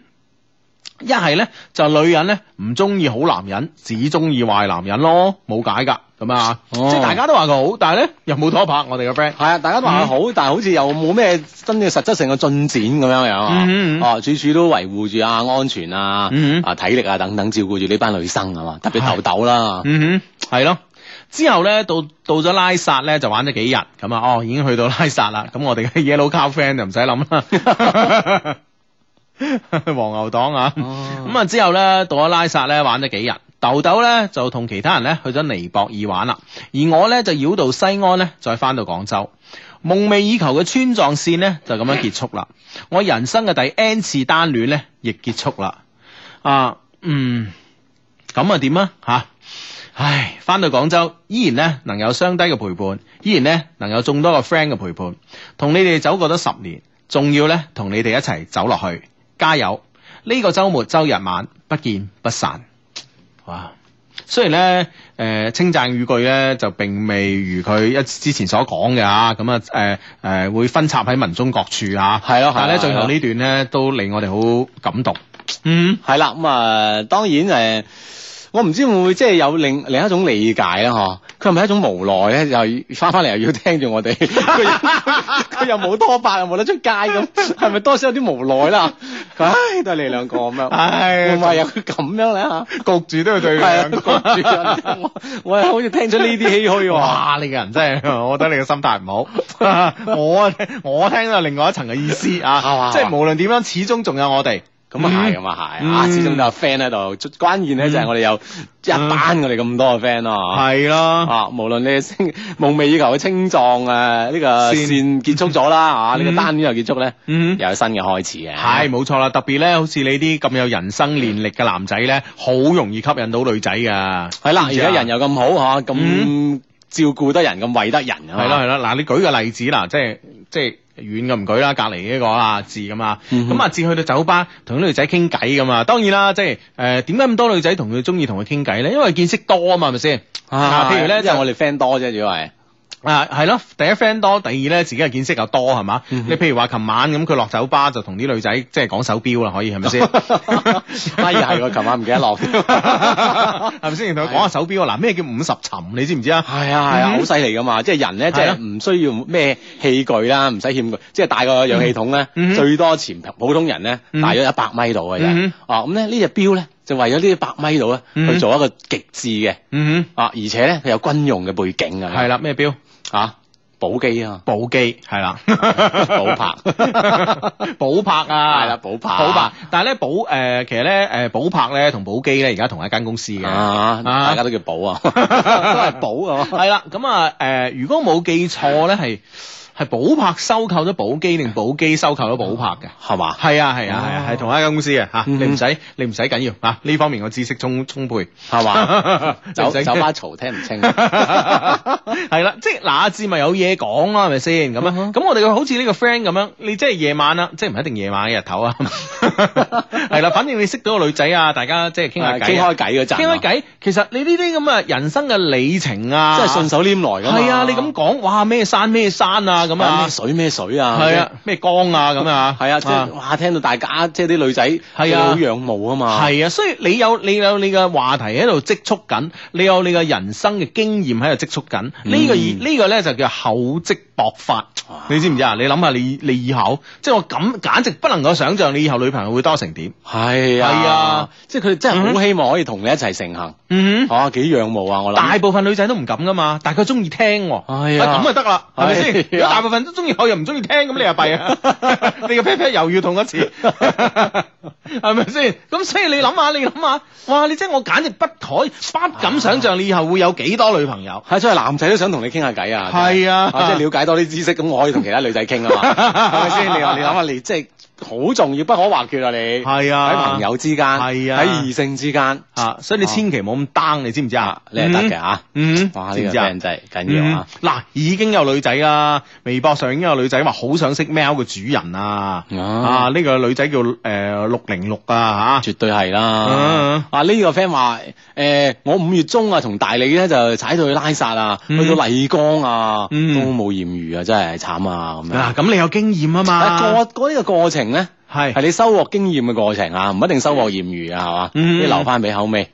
哼，一係咧就女人咧唔中意好男人，只中意壞男人咯，冇解噶。咁啊，即、就、係、是、大家都話佢好，但係咧又冇拖拍我哋嘅 friend。係啊，大家都話佢好，嗯、但係好似又冇咩真正實質性嘅進展咁樣樣啊！哦、嗯嗯啊，處處都維護住啊安全啊，嗯、哼啊體力啊等等，照顧住呢班女生啊嘛，特別豆豆啦。是的嗯哼，係咯。之後咧，到到咗拉薩咧就玩咗幾日，咁啊，哦，已經去到拉薩啦。咁 我哋嘅 yellow cow friend 就唔使諗啦，oh. 黃牛黨啊。咁啊，之後咧到咗拉薩咧玩咗幾日，豆豆咧就同其他人咧去咗尼泊爾玩啦，而我咧就繞道西安咧再翻到廣州，夢寐以求嘅川藏線咧就咁樣結束啦。我人生嘅第 n 次單戀咧亦結束啦。啊，嗯，咁啊點啊吓？唉，翻到廣州依然咧能有雙低嘅陪伴，依然咧能有眾多個 friend 嘅陪伴，同你哋走過咗十年，仲要咧同你哋一齊走落去，加油！呢個周末周日晚不見不散。哇！雖然咧誒稱讚語句咧就並未如佢一之前所講嘅吓，咁啊誒誒會分插喺文中各處吓，係咯。但係咧最後呢段咧都令我哋好感動。嗯，係啦，咁啊，當然誒。我唔知會唔會即係有另另一種理解咧呵？佢係咪一種無奈咧？又翻翻嚟又要聽住我哋，佢 又冇拖拍，又冇得出街咁，係咪多少有啲無奈啦？ 唉，都係你兩個咁樣，唉，同埋又咁樣咧嚇？焗住 都要對住兩個，我係好似聽咗呢啲唏噓喎。哇！你個人真係，我覺得你嘅心態唔好。我 我聽到另外一層嘅意思啊，即係 無論點樣，始終仲有我哋。咁啊係，咁啊係，啊始終都有 friend 喺度，關鍵咧就係我哋有一班我哋咁多嘅 friend 咯，係咯，啊無論你係夢寐以求嘅青藏誒呢個線結束咗啦，啊呢個單戀又結束咧，又有新嘅開始嘅，係冇錯啦。特別咧，好似你啲咁有人生閱歷嘅男仔咧，好容易吸引到女仔㗎。係啦，而家人又咁好嚇，咁。照顧得人咁，餵得人，係咯係咯。嗱，你舉個例子啦，即係即係遠嘅唔舉啦，隔離呢個阿志咁、嗯、哼啊，咁阿志去到酒吧同啲女仔傾偈咁啊，當然啦，即係誒點解咁多女仔同佢中意同佢傾偈咧？因為見識多啊嘛，係咪先啊？譬如咧就我哋 friend 多啫，如果係。啊，係咯，第一 friend 多，第二咧自己嘅見識又多，係嘛？你、mm hmm. 譬如話琴晚咁，佢落酒吧就同啲女仔即係講手錶啦，可以係咪先？係啊，琴、 哎、晚唔記得落，係咪先？同佢講下手錶嗱，咩叫五十尋？你知唔知啊？係啊，係啊，好犀利噶嘛！即係人咧的，即係唔需要咩器具啦，唔使欠佢，即係大個氧氣筒咧，mm hmm. 最多潛普通人咧大咗一百米度嘅啫。哦、mm，咁、hmm. 咧、啊、呢隻錶咧就為咗呢一百米度咧去做一個極致嘅，啊、mm，而且咧佢有軍用嘅背景嘅，係啦，咩錶？吓，寶、啊、基啊，寶基係啦，寶 寶柏，寶 柏啊，係啦、 啊，寶柏，寶柏。但係咧，寶、呃、誒，其實咧，誒，寶柏咧同寶基咧，而家同一間公司嘅，啊啊、大家都叫寶啊， 都係寶啊。係啦， 咁啊，誒、呃，如果冇記錯咧，係。 係寶珀，收購咗寶璣，定寶璣收購咗寶珀嘅，係嘛，啊？係啊係啊係啊係同一間公司嘅吓，你唔使你唔使緊要啊，呢方面我知識充充沛，係嘛？使酒吧嘈聽唔清，係 啦， 即係嗱阿志咪有嘢講啦，係咪先？咁樣，咁我哋好似呢個 friend 咁樣，你即係夜晚啦，即係唔一定夜晚嘅日頭啊。 係啦， 反正你識到個女仔啊，大家即係傾下偈，傾開偈㗎咋。傾開偈。其實你呢啲咁嘅人生嘅里程啊，即係順手拈來咁。係啊，你咁講，哇咩山咩山啊咁啊，咩水咩水啊，係啊咩江啊咁啊，係啊的，即係 哇聽到大家即係啲女仔，係啊好仰慕啊嘛。係啊，所以你有你有你嘅話題喺度積蓄緊，你有你嘅人生嘅經驗喺度積蓄緊，呢、嗯這個呢、這個咧就叫口積。爆發，你知唔知啊？你諗下，你你以後，即係我咁，簡直不能夠想象你以後女朋友會多成點。係啊，啊，即係佢哋真係好希望可以同你一齊成行。嗯哼，啊，幾仰慕啊！我諗大部分女仔都唔敢噶嘛，但係佢中意聽。係啊，咁就得啦，係咪先？如果大部分都中意扣，又唔中意聽，咁你又弊啊？你個 pat pat 又要痛一次，係咪先？咁所以你諗下，你諗下，哇！你真係我簡直不不敢想象你以後會有幾多女朋友。係，所以男仔都想同你傾下偈啊。係啊，即係了解。多啲知識，咁我可以同其他女仔傾啊嘛，係咪先？你話你諗下，你即係。好重要，不可或缺啊！你係啊，喺朋友之間，係啊，喺異性之間啊，所以你千祈冇咁 down，你知唔知啊？你係得嘅吓，嗯，哇呢個 friend 仔緊要啊！嗱，已經有女仔啦，微博上已經有女仔話好想識喵嘅主人啊，啊呢個女仔叫誒六零六啊吓，絕對係啦，啊呢個 friend 話誒我五月中啊同大理咧就踩到去拉薩啊，去到麗江啊，都冇豔遇啊，真係慘啊咁樣。嗱咁你有經驗啊嘛，過呢個過程。咧係係你收穫經驗嘅過程啊，唔一定收穫艷遇啊，係嘛，嗯、哼你留翻俾口味，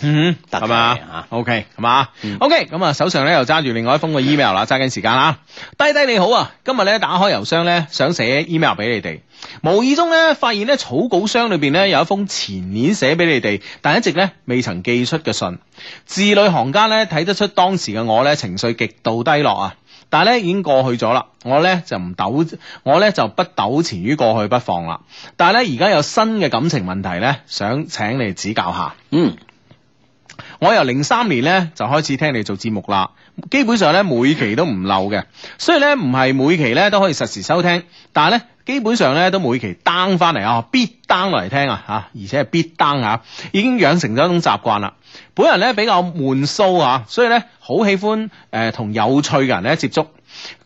嗯，得係嘛，OK 係嘛，OK，咁啊，手上咧又揸住另外一封嘅 email 啦是，揸緊時間啦，低低你好啊，今日咧打開郵箱咧，想寫 email 俾你哋，無意中咧發現咧草稿箱裏邊咧有一封前年寫俾你哋，但一直咧未曾寄出嘅信，字裏行間咧睇得出當時嘅我咧情緒極度低落啊。但係咧已經過去咗啦，我咧就唔糾，我咧就不糾纏於過去不放啦。但係咧而家有新嘅感情問題咧，想請你指教下。嗯。我由零三年咧就開始聽你做節目啦，基本上咧每期都唔漏嘅，所以咧唔係每期咧都可以實時收聽，但係咧基本上咧都每期 down 翻嚟啊，必 down 落嚟聽啊，吓，而且係必 down 啊，已經養成咗一種習慣啦。本人咧比較悶騷啊，所以咧好喜歡誒同、呃、有趣嘅人咧接觸。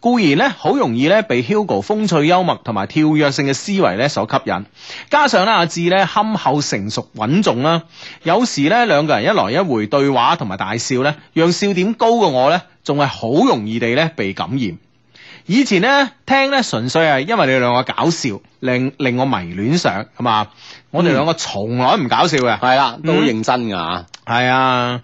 固然咧，好容易咧被 Hugo 風趣幽默同埋跳躍性嘅思維咧所吸引，加上咧阿志咧憨厚成熟穩重啦，有時咧兩個人一來一回對話同埋大笑咧，讓笑點高嘅我咧，仲係好容易地咧被感染。以前咧聽咧純粹係因為你哋兩個搞笑，令令我迷戀上，係嘛？嗯、我哋兩個從來唔搞笑嘅，係啦，都認真噶吓，係啊，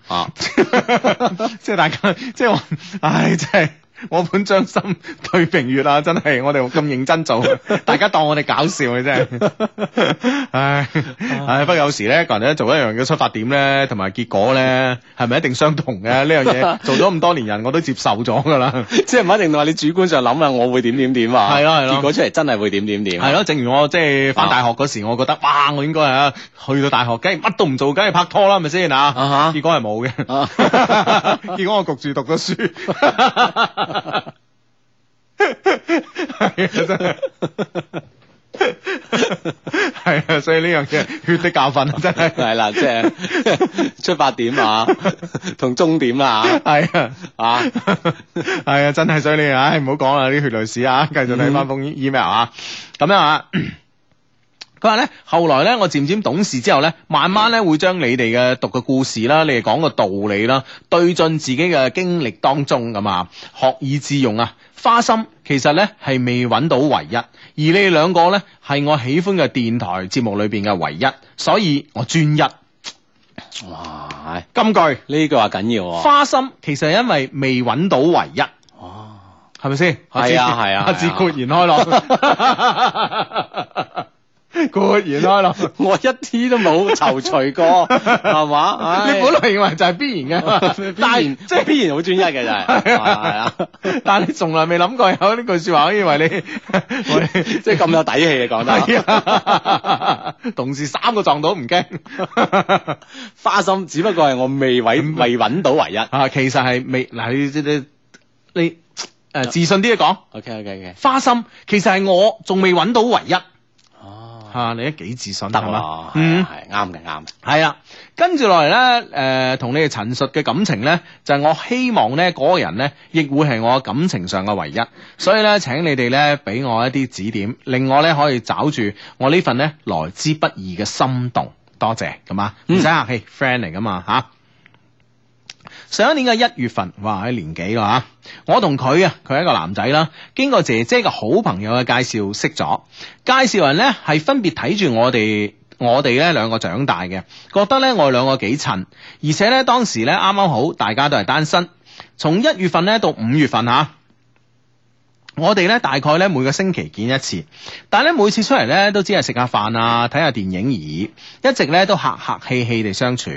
即係大家，即係話，唉，真係。我本將心對明月啊！真係我哋咁認真做， 大家當我哋搞笑嘅啫。 唉 唉，不過有時咧，個人咧做一樣嘅出發點咧，同埋結果咧，係咪一定相同嘅？呢樣嘢做咗咁多年人，我都接受咗噶啦。 即係唔一定話你主觀上諗啊，我會點點點啊。係咯，係咯。結果出嚟真係會點點點。係咯，正如我即係翻大學嗰時，我覺得哇，我應該係啊去到大學，梗係乜都唔做，梗係拍拖啦，係咪先啊？結果係冇嘅。 結果我焗住讀咗書。 係啊， 真係，係啊， 所以呢樣嘢血的教訓真係，係 啦， 即係出發點啊，同終 點啦，係啊，啊，係啊，真係所以你啊，唔好講啦，啲血淚史啊，繼續睇翻封 email 啊，咁、嗯、樣啊。 佢話咧，後來咧，我漸漸懂事之後咧，慢慢咧會將你哋嘅讀嘅故事啦，你哋講嘅道理啦，對進自己嘅經歷當中咁啊，學以致用啊。花心其實咧係未揾到唯一，而你哋兩個咧係我喜歡嘅電台節目裏邊嘅唯一，所以我專一。哇，金句呢句話緊要。啊，花心其實係因為未揾到唯一。哦哇，係咪先？係啊係啊，我自豁然開朗。果然咯，我一啲都冇躊躇過，係嘛？你本來認為就係必然嘅嘛，必然即係必然好專一嘅就係，係啊。但係你從來未諗過有呢句說話，我以為你即係咁有底氣嘅講得。同時三個撞到唔驚，花心只不過係我未揾未揾到唯一啊。其實係未嗱，你你誒自信啲講。OK OK OK 花心其實係我仲未揾到唯一。吓、啊，你都幾自信，得啦，吧嗯，係啱嘅，啱嘅、啊，係啦、啊啊，跟住落嚟呢，誒、呃，同你哋陳述嘅感情呢，就係、是、我希望呢嗰、那個人呢，亦會係我感情上嘅唯一，所以呢，請你哋呢俾我一啲指點，令我呢可以找住我呢份呢來之不易嘅心動，多謝，咁、嗯、啊，唔使客氣，friend 嚟㗎嘛，嚇。上一年嘅一月份，哇，喺年幾嘅吓，我同佢啊，佢係一個男仔啦，經過姐姐嘅好朋友嘅介紹識咗，介紹人呢係分別睇住我哋，我哋呢兩個長大嘅，覺得呢我哋兩個幾襯，而且呢，當時呢啱啱好大家都係單身，從一月份呢到五月份吓，我哋呢大概呢每個星期見一次，但係咧每次出嚟呢都只係食下飯啊，睇下電影而已，一直呢都客客氣氣地相處。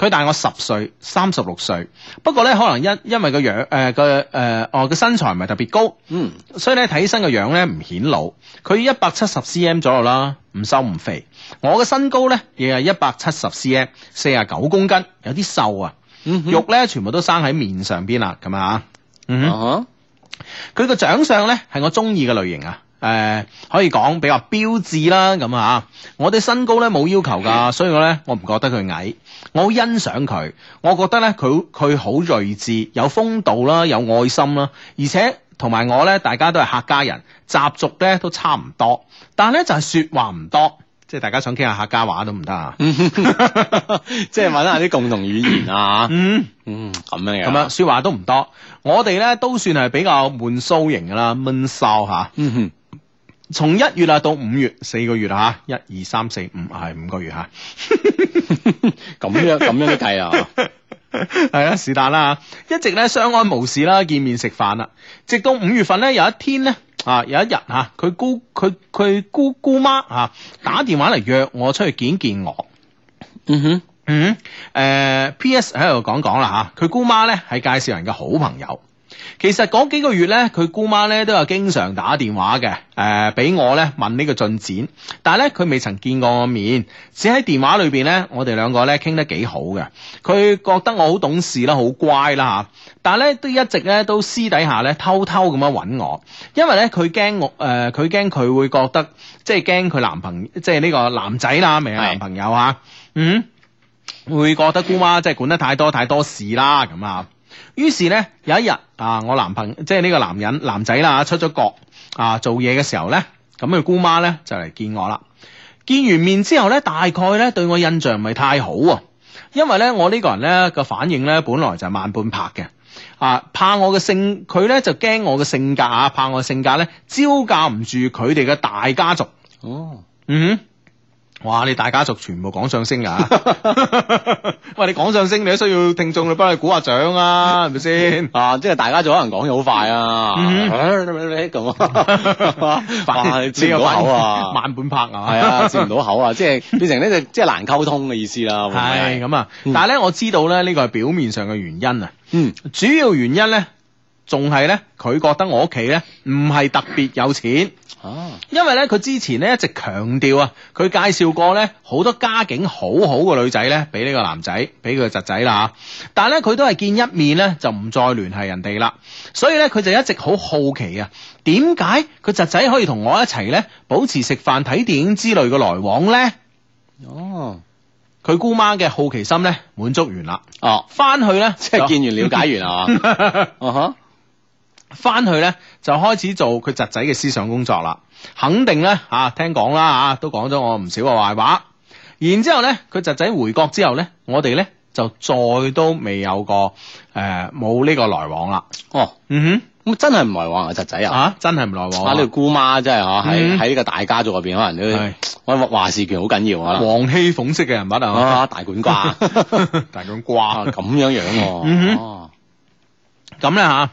佢大我十歲，三十六歲。不過咧，可能一因，因為個樣誒，個、呃、誒、呃呃呃、哦，個身材唔係特別高，嗯，所以咧睇起身個樣咧唔顯老。佢一百七十 cm 左右啦，唔瘦唔肥。我嘅身高咧亦係一百七十 cm，四十九公斤，有啲瘦啊。嗯、哼肉咧全部都生喺面上邊啦，咁啊，嗯哼，佢個長相咧係我中意嘅類型啊。誒，可以講比較標致啦，咁啊我哋身高咧冇要求噶，所以我咧我唔覺得佢矮，我好欣賞佢，我覺得咧佢佢好睿智，有風度啦，有愛心啦，而且同埋我咧大家都係客家人，習俗咧都差唔多，但係咧就係說話唔多，即係大家想傾下客家話都唔得啊，即係揾下啲共同語言啊，嗯嗯，咁樣咁樣說話都唔多，我哋咧都算係比較悶騷型噶啦，悶騷吓，嗯哼。從一月啊到五月，四個月啊，吓一二三四五，係五個月吓，咁 樣咁樣嘅計啊，係啊是但啦，一直咧相安無事啦，見面食飯啦，直到五月份咧，有一天咧啊，有一日吓，佢姑佢佢姑姑媽啊打電話嚟約我出去見見我，嗯哼嗯哼，誒，P S 喺度講講啦吓，佢、呃、姑媽咧係介紹人嘅好朋友。其實嗰幾個月呢，佢姑媽呢都係經常打電話嘅，誒、呃，俾我呢問呢個進展。但係呢，佢未曾見過我面，只喺電話裏邊呢，我哋兩個呢傾得幾好嘅。佢覺得我好懂事啦，好乖啦吓。但係呢，都一直呢都私底下呢偷偷咁樣揾我，因為呢，佢驚我誒，佢驚佢會覺得，即係驚佢男朋，即係呢個男仔啦，未有男朋友吓，的嗯，會覺得姑媽即係管得太多太多事啦咁啊。於是咧有一日啊，我男朋即係呢個男人男仔啦，出咗國啊做嘢嘅時候咧，咁佢姑媽咧就嚟見我啦。見完面之後咧，大概咧對我印象唔係太好啊，因為咧我呢個人咧個反應咧本來就慢半拍嘅啊，怕我嘅性佢咧就驚我嘅性格啊，怕我嘅性格咧招架唔住佢哋嘅大家族哦，嗯。哇！你大家族全部講相聲噶， 喂！你講相聲你都需要聽眾去幫你鼓下掌啊，係咪先？啊，即係大家就可能講又好快啊，咁啊，接唔到口啊，慢半拍啊，係啊，接唔到口啊， 即係變成呢隻 即係難溝通嘅意思啦，啊。係咁 啊，但係咧我知道咧呢個係表面上嘅原因啊，嗯，主要原因咧仲係咧佢覺得我屋企咧唔係特別有錢。哦，因為咧佢之前咧一直強調啊，佢介紹過咧好多家境好好嘅女仔咧，俾呢個男仔，俾佢個侄仔啦。但係咧佢都係見一面咧就唔再聯繫人哋啦。所以咧佢就一直好好奇啊，點解佢侄仔可以同我一齊咧，保持食飯、睇電影之類嘅來往咧？哦，佢姑媽嘅好奇心咧滿足完啦。哦，翻去咧即係見完了解完了 啊嘛。翻去咧就開始做佢侄仔嘅思想工作啦，肯定咧吓聽講啦吓都講咗我唔少嘅壞話，然之後咧佢侄仔回國之後咧，我哋咧就再都未有過誒冇呢個來往啦。哦，嗯哼，咁真係唔來往啊侄仔啊，吓真係唔來往。哇你個姑媽真係嗬喺喺呢個大家族入邊可能你我話事權好緊要啊。王熙鳳式嘅人物啊，大管家，大管家咁樣樣哦。咁咧吓。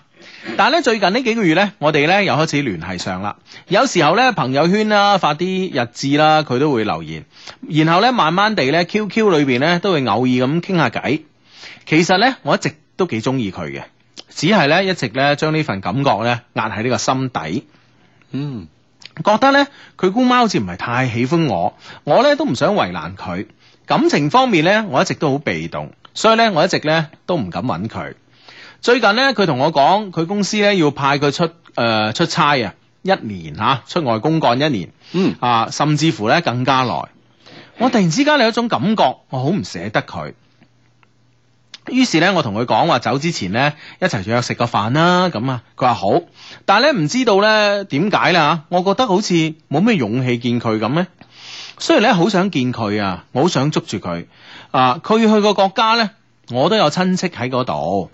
但係咧，最近呢幾個月呢，我哋呢又開始聯繫上啦。有時候呢，朋友圈啦、啊、發啲日誌啦、啊，佢都會留言。然後呢，慢慢地呢 QQ 裏邊呢都會偶爾咁傾下偈。其實呢，我一直都幾中意佢嘅，只係呢，一直呢將呢份感覺呢壓喺呢個心底。嗯，覺得呢，佢姑媽好似唔係太喜歡我，我呢都唔想為難佢。感情方面呢，我一直都好被動，所以呢，我一直呢都唔敢揾佢。最近咧，佢同我講，佢公司咧要派佢出誒、呃、出差啊，一年吓出外公幹一年，嗯啊，甚至乎咧更加耐。我突然之間有一種感覺，我好唔捨得佢。於是咧，我同佢講，話走之前咧一齊約食個飯啦。咁啊，佢話好，但係咧唔知道咧點解啦。我覺得好似冇咩勇氣見佢咁咧。雖然咧好想見佢啊，我好想捉住佢啊。佢去個國家咧，我都有親戚喺嗰度。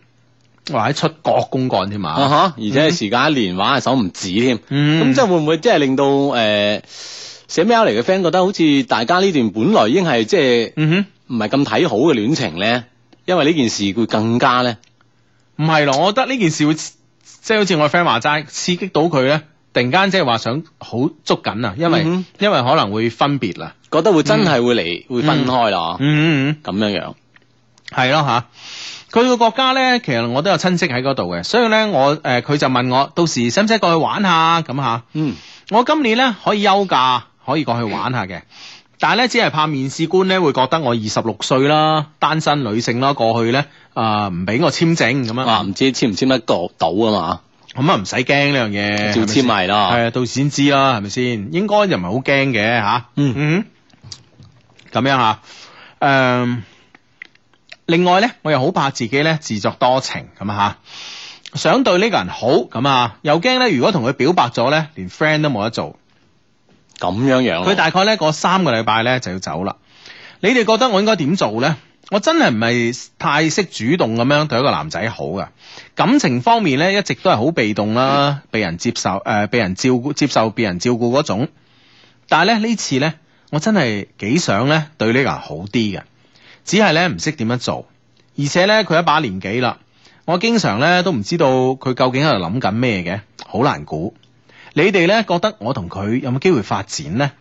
或者出國公幹添嘛，uh、huh，而且時間一年玩嘅小手唔止添，咁即係會唔會即係令到誒、呃，寫 mail 嚟嘅 friend 覺得好似大家呢段本來已經係即係，唔係咁睇好嘅戀情咧，因為呢件事會更加咧，唔係咯？我覺得呢件事會即係好似我 friend 話齋，刺激到佢咧，突然間即係話想好捉緊啊，因為、mm hmm. 因為可能會分別啦，覺得會真係會離、mm hmm. 會分開咯嗯，咁、mm hmm. 樣樣係咯吓。Mm hmm. 佢個國家咧，其實我都有親戚喺嗰度嘅，所以咧我誒佢、呃、就問我，到時使唔使過去玩下咁吓？嗯，我今年咧可以休假，可以過去玩下嘅，嗯、但係咧只係怕面試官咧會覺得我二十六歲啦，單身女性啦，過去咧啊唔俾我簽證咁啊，唔知簽唔簽得到到啊嘛？咁啊唔使驚呢樣嘢，要簽埋啦？係啊，到時先知啦，係咪先？應該就唔係好驚嘅吓。嗯嗯，咁、嗯、樣吓，誒、嗯。嗯另外咧，我又好怕自己咧自作多情咁吓，想對呢個人好咁啊，又驚咧如果同佢表白咗咧，連 friend 都冇得做咁樣樣。佢大概咧、過三個禮拜咧就要走啦。你哋覺得我應該點做咧？我真係唔係太識主動咁樣對一個男仔好噶，感情方面咧，一直都係好被動啦，嗯、被人接受誒、呃，被人照顧、接受別人照顧嗰種。但係咧呢次咧，我真係幾想咧對呢個人好啲嘅。只係咧唔識點樣做，而且咧佢一把年紀啦。我經常咧都唔知道佢究竟喺度諗緊咩嘅，好難估。你哋咧覺得我同佢有冇機會發展呢？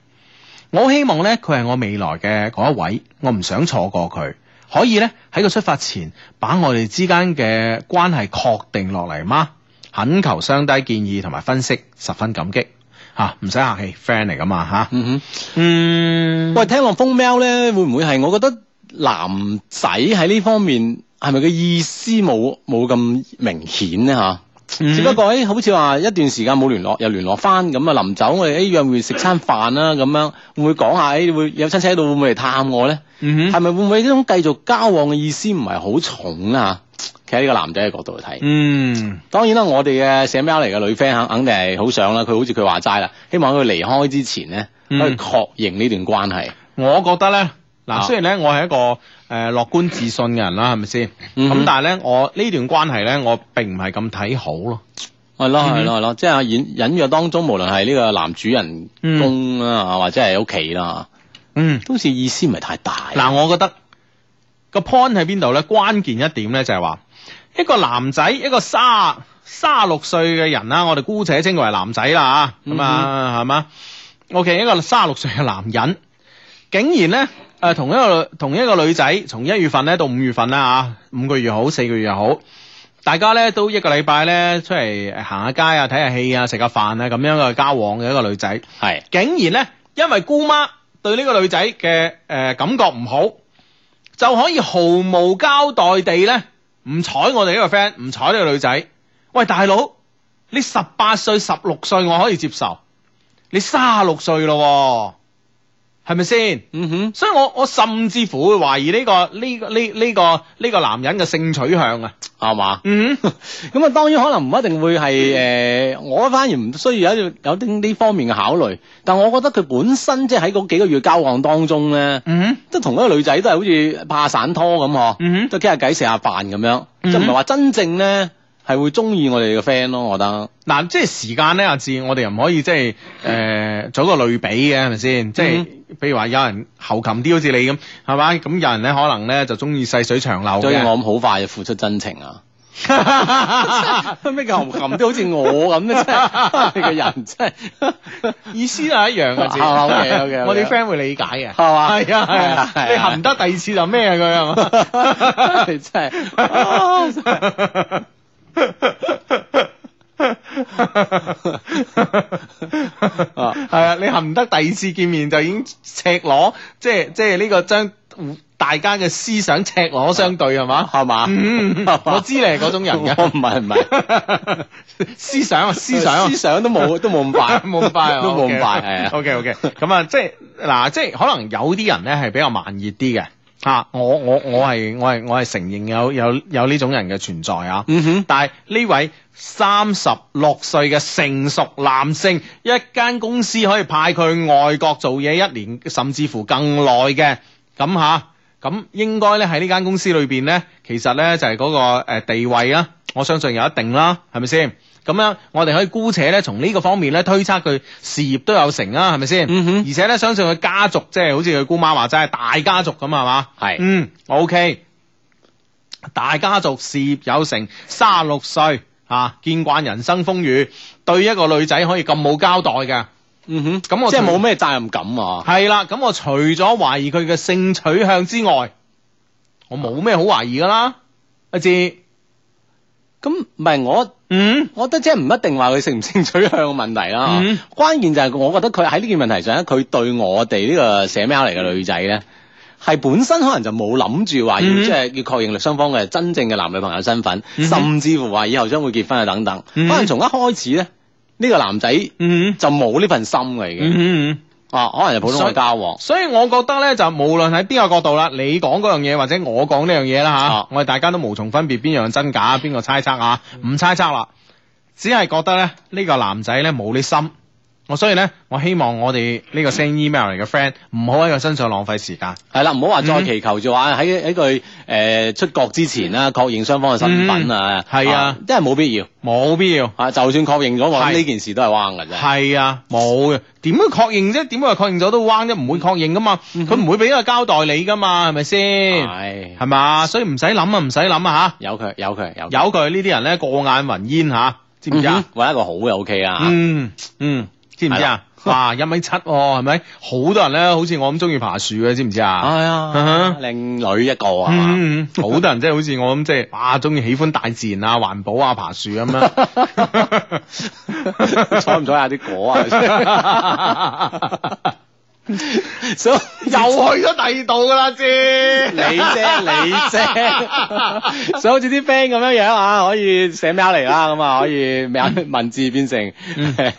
我好希望咧佢係我未來嘅嗰一位，我唔想錯過佢。可以咧喺佢出發前，把我哋之間嘅關係確定落嚟嗎？懇求雙低建議同埋分析，十分感激吓，唔、啊、使客氣，friend 嚟㗎嘛吓。嗯、啊、哼，嗯，嗯喂，聽落風喵咧會唔會係？我覺得。男仔喺呢方面係咪個意思冇冇咁明顯咧？吓，只不過誒、欸，好似話一段時間冇聯絡，又聯絡翻咁、欸、啊。臨走我哋喺約會食餐飯啦，咁樣會唔會講下、欸？會有親戚喺度會唔會嚟探我咧？嗯係哼咪會唔會呢種繼續交往嘅意思唔係好重啊？吓，企喺呢個男仔嘅角度去睇。嗯，當然啦，我哋嘅寫 mail 嚟嘅女 friend 肯肯定係好想啦。佢好似佢話齋啦，希望佢離開之前咧，可以確認呢段關係。我覺得咧。嗱，雖然咧我係一個誒樂觀自信嘅人啦，係咪先？咁但係咧，我呢段關係咧，我並唔係咁睇好咯。係咯係咯係咯，即係隱隱約當中，無論係呢個男主人公啦，或者係屋企啦，嗯，都似意思唔係太大。嗱，我覺得個 point 喺邊度咧？關鍵一點咧就係話，一個男仔，一個卅卅六歲嘅人啦，我哋姑且稱為男仔啦啊，咁啊係嘛？OK，一個卅六歲嘅男人，竟然咧～誒、呃，同一個同一個女仔，從一月份咧到五月份啦啊，五個月好，四個月又好，大家咧都一個禮拜咧出嚟行下街啊，睇下戲啊，食下飯啊咁樣嘅交往嘅一個女仔，係的竟然咧，因為姑媽對呢個女仔嘅誒感覺唔好，就可以毫無交代地咧唔睬我哋呢個 friend，唔睬呢個女仔。喂，大佬，你十八歲、十六歲我可以接受，你卅六歲咯。係咪先？嗯哼，mm hmm. 所以我我甚至乎會懷疑呢、呢個呢呢呢個呢、呢個呢個男人嘅性取向啊，係嘛吧？嗯咁啊，hmm. 當然可能唔一定會係誒、mm hmm. 呃，我反而唔需要有有啲呢方面嘅考慮。但我覺得佢本身即係喺嗰幾個月交往當中咧，嗯哼、mm，hmm. 即係同一個女仔都係好似拍散拖咁都傾下偈食下飯咁樣，就唔係話真正咧。Mm hmm. 係會中意我哋嘅 friend 咯，我覺得嗱，即係時間咧，阿志，我哋又唔可以即係誒做一個類比嘅，係咪先？即係，比如話有人喉擒啲，好似你咁，係嘛？咁有人咧，可能咧就中意細水長流嘅。所以我咁好快就付出真情啊！咩叫喉擒啲？好似我咁咧，你個人真係意思都係一樣嘅，我哋 friend 會理解嘅，係嘛？係啊，係啊，你恨唔得第二次就咩啊？佢係真係。係啊，你恨唔得第二次見面就已經赤裸，即係即係呢個將大家嘅思想赤裸相對係嘛，係嘛？我知你係嗰種人嘅，唔係唔係。思想啊，思想思想都冇，都冇咁快，冇咁快，都冇咁快。係啊，OK OK。咁啊，即係嗱，即係可能有啲人咧係比較慢熱啲嘅。啊！我我我係我係我係承認有有有呢種人嘅存在啊！嗯哼，但係呢位三十六歲嘅成熟男性，一間公司可以派佢去外國做嘢一年，甚至乎更耐，嘅，咁吓咁應該咧喺呢間公司裏邊咧，其實咧就係嗰個誒地位啊。我相信有一定啦，係咪先？咁樣我哋可以姑且咧，從呢個方面咧推測佢事業都有成啦、啊，係咪先？嗯哼，而且咧，相信佢家族，即係好似佢姑媽話齋，大家族咁啊嘛。係，是嗯，OK，大家族事業有成，三十六歲吓、啊，見慣人生風雨，對一個女仔可以咁冇交代嘅，嗯哼。咁我即係冇咩責任感啊。係啦，咁我除咗懷疑佢嘅性取向之外，我冇咩好懷疑噶啦。阿、啊、志。咁唔係我，嗯、mm，我覺得即係唔一定話佢性唔性取向嘅問題啦。嗯，關鍵就係我覺得佢喺呢件問題上咧，佢對我哋呢個寫 mail 嚟嘅女仔咧，係本身可能就冇諗住話要即係要確認雙方嘅真正嘅男女朋友身份，mm hmm. 甚至乎話以後將會結婚啊等等。Mm hmm. 可能從一開始咧，呢、呢個男仔，嗯，就冇呢份心嚟嘅已經。Mm hmm. mm hmm. 啊，可能係普通外交，用所以我覺得咧，就無論喺邊個角度啦，你講樣嘢，或者我講呢樣嘢啦吓，啊、我哋大家都無從分別，邊樣真假，邊個猜測啊，唔猜測啦，只係覺得咧呢、呢個男仔咧冇啲心。我所以咧，我希望我哋呢個 send email 嚟嘅 friend 唔好喺佢身上浪費時間。係啦、嗯，唔好話再祈求住話喺喺佢誒出國之前啦，確認雙方嘅身份啊。係、嗯、啊、啊，真係冇必要，冇必要啊！就算確認咗，話呢是件事都係彎嘅啫。係啊，冇啊，點樣確認啫？點解確認咗都彎啫？唔會確認噶嘛？佢唔、嗯、哼會俾一個交代你噶嘛？係咪先？係、嗯哼，係嘛？所以唔使諗啊，唔使諗啊吓。有佢，有佢，有佢呢啲人咧過眼雲煙吓，知唔知啊？搵、嗯、一個好嘅 O K 啊。嗯嗯。嗯知唔知啊？啊， 一米七喎，係咪？好多人咧，好似我咁中意爬樹嘅，知唔知啊？係 啊，靚女一個啊、 嗯！好多人真係好似我咁，即係啊，中意喜歡大自然啊，環保啊，爬樹咁樣。採唔採下啲果啊？ 所 又去咗第二度噶啦，知 你啫，你啫， 所以好似啲 friend 咁樣樣啊，可以寫 mail 嚟啦，咁啊可以喵文字變成 mail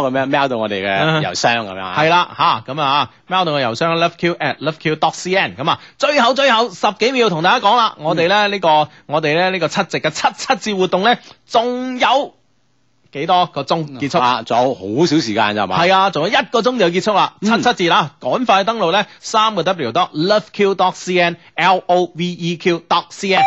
咁樣 mail 到我哋嘅郵箱咁樣。係啦， 吓咁啊 mail 到我郵箱 loveq at loveq dot cn 咁啊，最後最後十幾秒同大家講啦，我哋咧呢、嗯這個我哋咧呢、這個七夕嘅七七節活動咧，仲有。幾多個鐘結束啊？仲有好少時間啫，係嘛？係啊，仲有一個鐘就結束啦。嗯、七七字啦，趕快登錄咧，三個 w dot loveq.cn，l-o-v-e-q.cn。O v e Q. CN